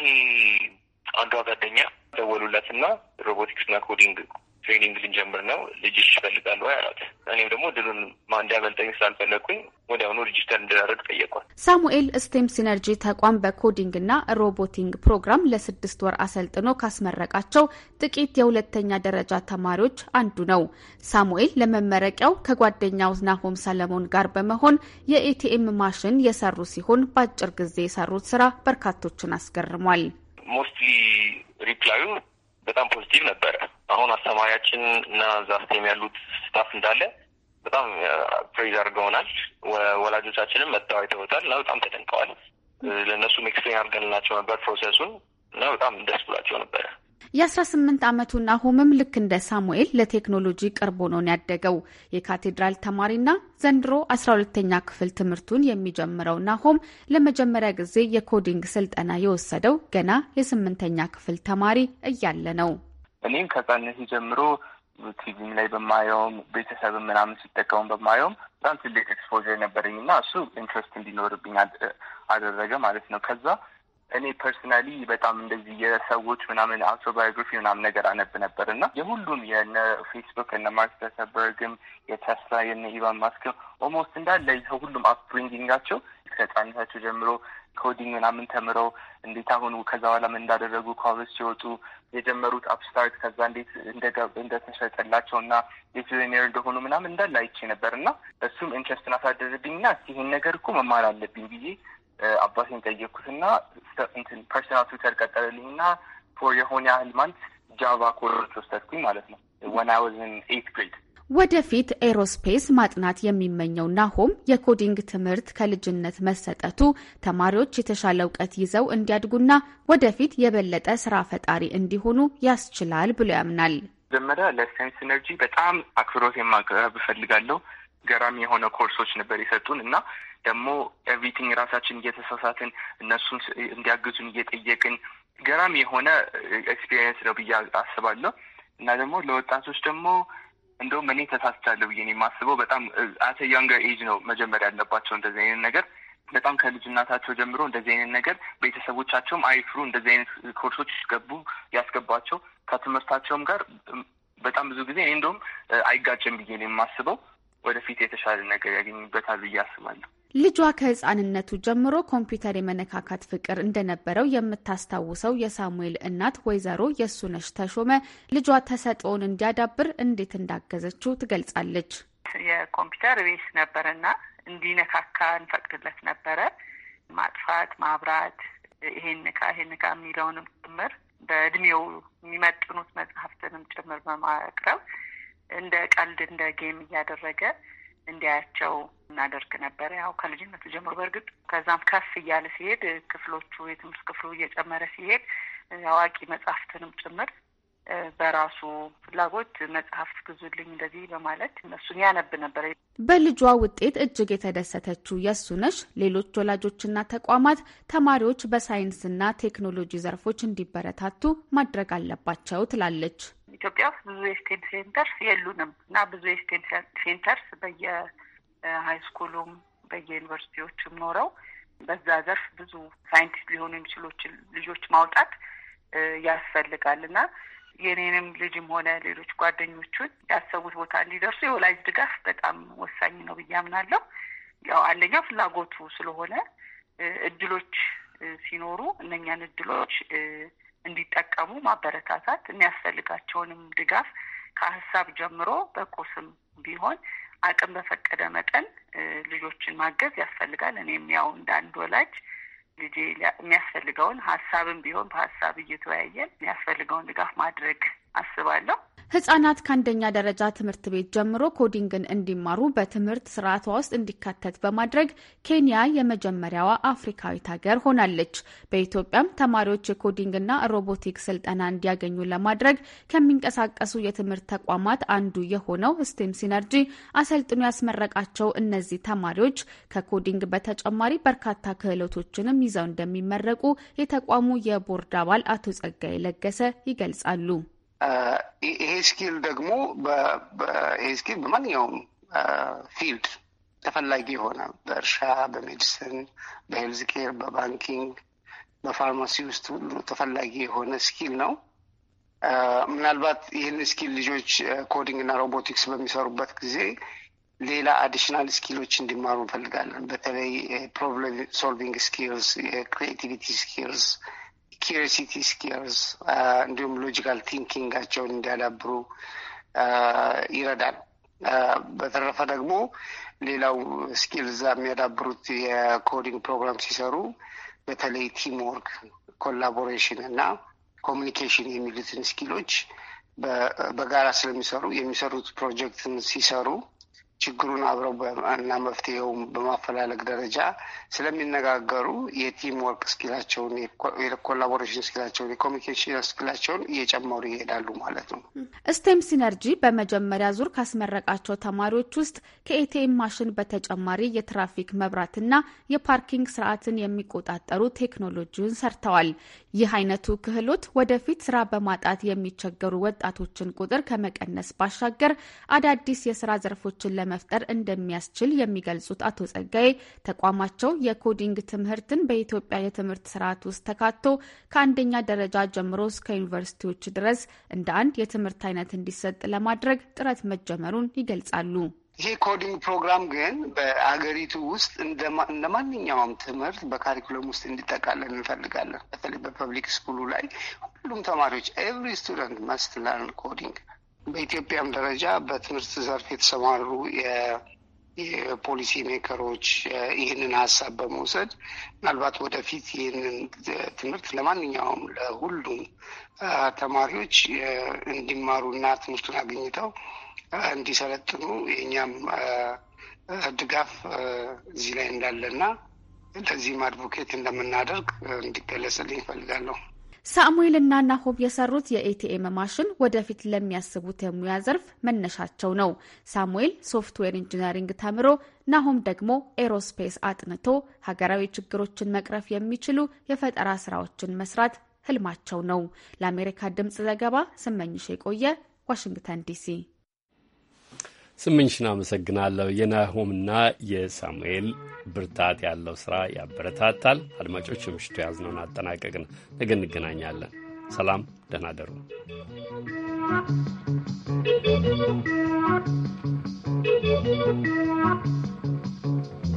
አንዷ ጓደኛ ደወሉለት እና ሮቦቲክስ እና ኮዲንግ ትሬኒንግ ልንጀምር ነው ልጅሽ ይፈልጋሉ ወይ አላት። እኔም ደግሞ ድሉን እንዲያመልጠኝ ስላልፈለግኩኝ ወዲያውኑ ሪጅስተር እንድናደርግ ጠየቋል። ሳሙኤል ስቴም ሲነርጂ ተቋም በኮዲንግ እና ሮቦቲንግ ፕሮግራም ለስድስት ወር አሰልጥኖ ካስመረቃቸው ጥቂት የሁለተኛ ደረጃ ተማሪዎች አንዱ ነው። ሳሙኤል ለመመረቂያው ከጓደኛው ናሆም ሰለሞን ጋር በመሆን የኤቲኤም ማሽን የሰሩ ሲሆን በአጭር ጊዜ የሰሩት ስራ በርካቶችን አስገርሟል። ሞስትሊ ሪፕላዩ በጣም ፖዚቲቭ ነበረ። አሁን አስተማሪያችን እና ዛስቴም ያሉት ስታፍ እንዳለ በጣም ፕሬዝ አድርገውናል። ወላጆቻችንም መጥተው አይተውታል እና በጣም ተደንቀዋል። ለእነሱም ኤክስፕሌን አድርገንላቸው ነበር ፕሮሰሱን እና በጣም ደስ ብሏቸው ነበረ። የአስራ ስምንት ዓመቱ ናሆምም ልክ እንደ ሳሙኤል ለቴክኖሎጂ ቅርቦ ነው ያደገው። የካቴድራል ተማሪና ዘንድሮ አስራ ሁለተኛ ክፍል ትምህርቱን የሚጀምረው ናሆም ለመጀመሪያ ጊዜ የኮዲንግ ስልጠና የወሰደው ገና የስምንተኛ ክፍል ተማሪ እያለ ነው። እኔም ከህጻንነት ጀምሮ ቲቪም ላይ በማየውም ቤተሰብ ምናምን ሲጠቀሙ በማየውም በጣም ትልቅ ኤክስፖዘር ነበረኝ እና እሱ ኢንትረስት እንዲኖርብኝ አደረገ ማለት ነው። ከዛ እኔ ፐርሰናሊ በጣም እንደዚህ የሰዎች ምናምን አውቶባዮግራፊ ምናምን ነገር አነብ ነበር እና የሁሉም የነ ፌስቡክ እነ ማርክ ዘከርበርግም የተስላ የነ ኢቫን ማስክም ኦልሞስት እንዳለ ሁሉም አፕብሪንጊንጋቸው ከህጻንነታቸው ጀምሮ ኮዲንግ ምናምን ተምረው እንዴት አሁን ከዛ በኋላ ምን እንዳደረጉ ኮሌጅ ሲወጡ የጀመሩት አፕስታርት ከዛ እንዴት እንደተሸጠላቸው እና ቢሊዮኔር እንደሆኑ ምናምን እንዳለ አይቼ ነበር እና እሱም ኢንትረስትን አሳደረብኝ ና ይህን ነገር እኮ መማር አለብኝ ብዬ አባቴን ጠየቅኩትና እንትን ፐርሰናል ትዊተር ቀጠለልኝ ቀጠረልኝና ፎር የሆነ ያህል ማንት ጃቫ ኮርስ ወሰድኩኝ ማለት ነው። ወን አይ ዋዝ ኢን ኤይት ግሬድ። ወደፊት ኤሮስፔስ ማጥናት የሚመኘው ናሆም የኮዲንግ ትምህርት ከልጅነት መሰጠቱ ተማሪዎች የተሻለ እውቀት ይዘው እንዲያድጉና ወደፊት የበለጠ ስራ ፈጣሪ እንዲሆኑ ያስችላል ብሎ ያምናል። መጀመሪያ ለሳይንስ ኢነርጂ በጣም አክብሮት የማቅረብ እፈልጋለሁ። ገራሚ የሆነ ኮርሶች ነበር የሰጡን እና ደግሞ ኤቭሪቲንግ ራሳችን እየተሳሳትን እነሱን እንዲያግዙን እየጠየቅን ገራሚ የሆነ ኤክስፒሪየንስ ነው ብዬ አስባለሁ። እና ደግሞ ለወጣቶች ደግሞ እንደውም እኔ ተሳስቻለሁ ብዬ የማስበው በጣም አተ ያንገር ኤጅ ነው መጀመሪያ ያለባቸው እንደዚህ አይነት ነገር በጣም ከልጅናታቸው ጀምሮ እንደዚህ አይነት ነገር ቤተሰቦቻቸውም አይፍሩ፣ እንደዚህ አይነት ኮርሶች ይገቡ ያስገቧቸው ከትምህርታቸውም ጋር በጣም ብዙ ጊዜ እኔ እንደውም አይጋጭም ብዬ ነው የማስበው። ወደፊት የተሻለ ነገር ያገኙበታል ብዬ አስባለሁ። ልጇ ከህፃንነቱ ጀምሮ ኮምፒውተር የመነካካት ፍቅር እንደነበረው የምታስታውሰው የሳሙኤል እናት ወይዘሮ የሱነሽ ተሾመ ልጇ ተሰጥኦውን እንዲያዳብር እንዴት እንዳገዘችው ትገልጻለች። የኮምፒውተር ቤት ነበረና እንዲነካካ እንፈቅድለት ነበረ። ማጥፋት፣ ማብራት፣ ይሄን ንካ ይሄን ንካ የሚለውንም ጭምር በእድሜው የሚመጥኑት መጽሐፍትንም ጭምር በማቅረብ እንደ ቀልድ እንደ ጌም እያደረገ እንዲያያቸው እናደርግ ነበረ። ያው ከልጅነቱ ጀምሮ በእርግጥ ከዛም ከፍ እያለ ሲሄድ ክፍሎቹ የትምህርት ክፍሉ እየጨመረ ሲሄድ አዋቂ መጽሐፍትንም ጭምር በራሱ ፍላጎት መጽሐፍት ግዙልኝ እንደዚህ በማለት እነሱን ያነብ ነበር። በልጇ ውጤት እጅግ የተደሰተችው ነሽ ሌሎች ወላጆችና ተቋማት ተማሪዎች በሳይንስና ቴክኖሎጂ ዘርፎች እንዲበረታቱ ማድረግ አለባቸው ትላለች። ኢትዮጵያ ውስጥ ብዙ የስቴም ሴንተርስ የሉንም እና ብዙ የስቴም ሴንተርስ በየሀይ ስኩሉም በየዩኒቨርሲቲዎችም ኖረው በዛ ዘርፍ ብዙ ሳይንቲስት ሊሆኑ የሚችሎች ልጆች ማውጣት ያስፈልጋል እና የኔንም ልጅም ሆነ ሌሎች ጓደኞቹን ያሰቡት ቦታ እንዲደርሱ የወላጅ ድጋፍ በጣም ወሳኝ ነው ብዬ አምናለሁ። ያው አንደኛው ፍላጎቱ ስለሆነ እድሎች ሲኖሩ እነኛን እድሎች እንዲጠቀሙ ማበረታታት፣ የሚያስፈልጋቸውንም ድጋፍ ከሀሳብ ጀምሮ በቁስም ቢሆን አቅም በፈቀደ መጠን ልጆችን ማገዝ ያስፈልጋል። እኔም ያው እንደ አንድ ወላጅ ልጄ የሚያስፈልገውን ሀሳብም ቢሆን በሀሳብ እየተወያየን የሚያስፈልገውን ድጋፍ ማድረግ አስባለሁ። ህጻናት ከአንደኛ ደረጃ ትምህርት ቤት ጀምሮ ኮዲንግን እንዲማሩ በትምህርት ስርዓቷ ውስጥ እንዲካተት በማድረግ ኬንያ የመጀመሪያዋ አፍሪካዊት ሀገር ሆናለች። በኢትዮጵያም ተማሪዎች የኮዲንግና ሮቦቲክ ስልጠና እንዲያገኙ ለማድረግ ከሚንቀሳቀሱ የትምህርት ተቋማት አንዱ የሆነው ስቴም ሲነርጂ አሰልጥኖ ያስመረቃቸው እነዚህ ተማሪዎች ከኮዲንግ በተጨማሪ በርካታ ክህሎቶችንም ይዘው እንደሚመረቁ የተቋሙ የቦርድ አባል አቶ ጸጋይ ለገሰ ይገልጻሉ። ይሄ ስኪል ደግሞ ይሄ ስኪል በማንኛውም ፊልድ ተፈላጊ የሆነ በእርሻ፣ በሜዲሲን፣ በሄልዝ ኬር፣ በባንኪንግ፣ በፋርማሲ ውስጥ ሁሉ ተፈላጊ የሆነ ስኪል ነው። ምናልባት ይህን ስኪል ልጆች ኮዲንግ እና ሮቦቲክስ በሚሰሩበት ጊዜ ሌላ አዲሽናል ስኪሎች እንዲማሩ እንፈልጋለን። በተለይ ፕሮብለም ሶልቪንግ ስኪልስ፣ የክሪኤቲቪቲ ስኪልስ ኪሪሲቲ ስኪልስ uh, እንዲሁም ሎጂካል ቲንኪንጋቸውን እንዲያዳብሩ uh, ይረዳል። uh, በተረፈ ደግሞ ሌላው ስኪል እዛ የሚያዳብሩት የኮዲንግ ፕሮግራም ሲሰሩ በተለይ ቲም ወርክ፣ ኮላቦሬሽን እና ኮሚኒኬሽን የሚሉትን ስኪሎች በጋራ ስለሚሰሩ የሚሰሩት ፕሮጀክትን ሲሰሩ ችግሩን አብረው እና መፍትሄውን በማፈላለግ ደረጃ ስለሚነጋገሩ የቲም ወርክ ስኪላቸውን፣ የኮላቦሬሽን ስኪላቸውን፣ የኮሚኒኬሽን ስኪላቸውን እየጨመሩ ይሄዳሉ ማለት ነው። ስቴም ሲነርጂ በመጀመሪያ ዙር ካስመረቃቸው ተማሪዎች ውስጥ ከኤቲኤም ማሽን በተጨማሪ የትራፊክ መብራትና የፓርኪንግ ስርዓትን የሚቆጣጠሩ ቴክኖሎጂውን ሰርተዋል። ይህ አይነቱ ክህሎት ወደፊት ስራ በማጣት የሚቸገሩ ወጣቶችን ቁጥር ከመቀነስ ባሻገር አዳዲስ የስራ ዘርፎችን ለመፍጠር እንደሚያስችል የሚገልጹት አቶ ጸጋዬ ተቋማቸው የኮዲንግ ትምህርትን በኢትዮጵያ የትምህርት ስርዓት ውስጥ ተካቶ ከአንደኛ ደረጃ ጀምሮ እስከ ዩኒቨርሲቲዎች ድረስ እንደ አንድ የትምህርት አይነት እንዲሰጥ ለማድረግ ጥረት መጀመሩን ይገልጻሉ። ይሄ ኮዲንግ ፕሮግራም ግን በአገሪቱ ውስጥ እንደ ማንኛውም ትምህርት በካሪኩለም ውስጥ እንዲጠቃለን እንፈልጋለን። በተለይ በፐብሊክ ስኩሉ ላይ ሁሉም ተማሪዎች ኤቭሪ ስቱደንት መስት ለርን ኮዲንግ በኢትዮጵያም ደረጃ በትምህርት ዘርፍ የተሰማሩ የፖሊሲ ሜከሮች ይህንን ሀሳብ በመውሰድ ምናልባት ወደፊት ይህንን ትምህርት ለማንኛውም ለሁሉም ተማሪዎች እንዲማሩ እንዲማሩና ትምህርቱን አግኝተው እንዲሰለጥኑ የእኛም ድጋፍ እዚህ ላይ እንዳለና ለዚህም አድቮኬት እንደምናደርግ እንዲገለጽልኝ ይፈልጋለሁ። ሳሙኤልና ናሆም የሰሩት የኤቲኤም ማሽን ወደፊት ለሚያስቡት የሙያ ዘርፍ መነሻቸው ነው። ሳሙኤል ሶፍትዌር ኢንጂነሪንግ ተምሮ፣ ናሆም ደግሞ ኤሮስፔስ አጥንቶ ሀገራዊ ችግሮችን መቅረፍ የሚችሉ የፈጠራ ስራዎችን መስራት ህልማቸው ነው። ለአሜሪካ ድምፅ ዘገባ ስመኝሽ የቆየ ዋሽንግተን ዲሲ ስምንሽን አመሰግናለሁ። የናሆምና የሳሙኤል ብርታት ያለው ስራ ያበረታታል። አድማጮች፣ የምሽቱ የያዝነውን አጠናቀቅን። ነገ እንገናኛለን። ሰላም፣ ደህና ደሩ።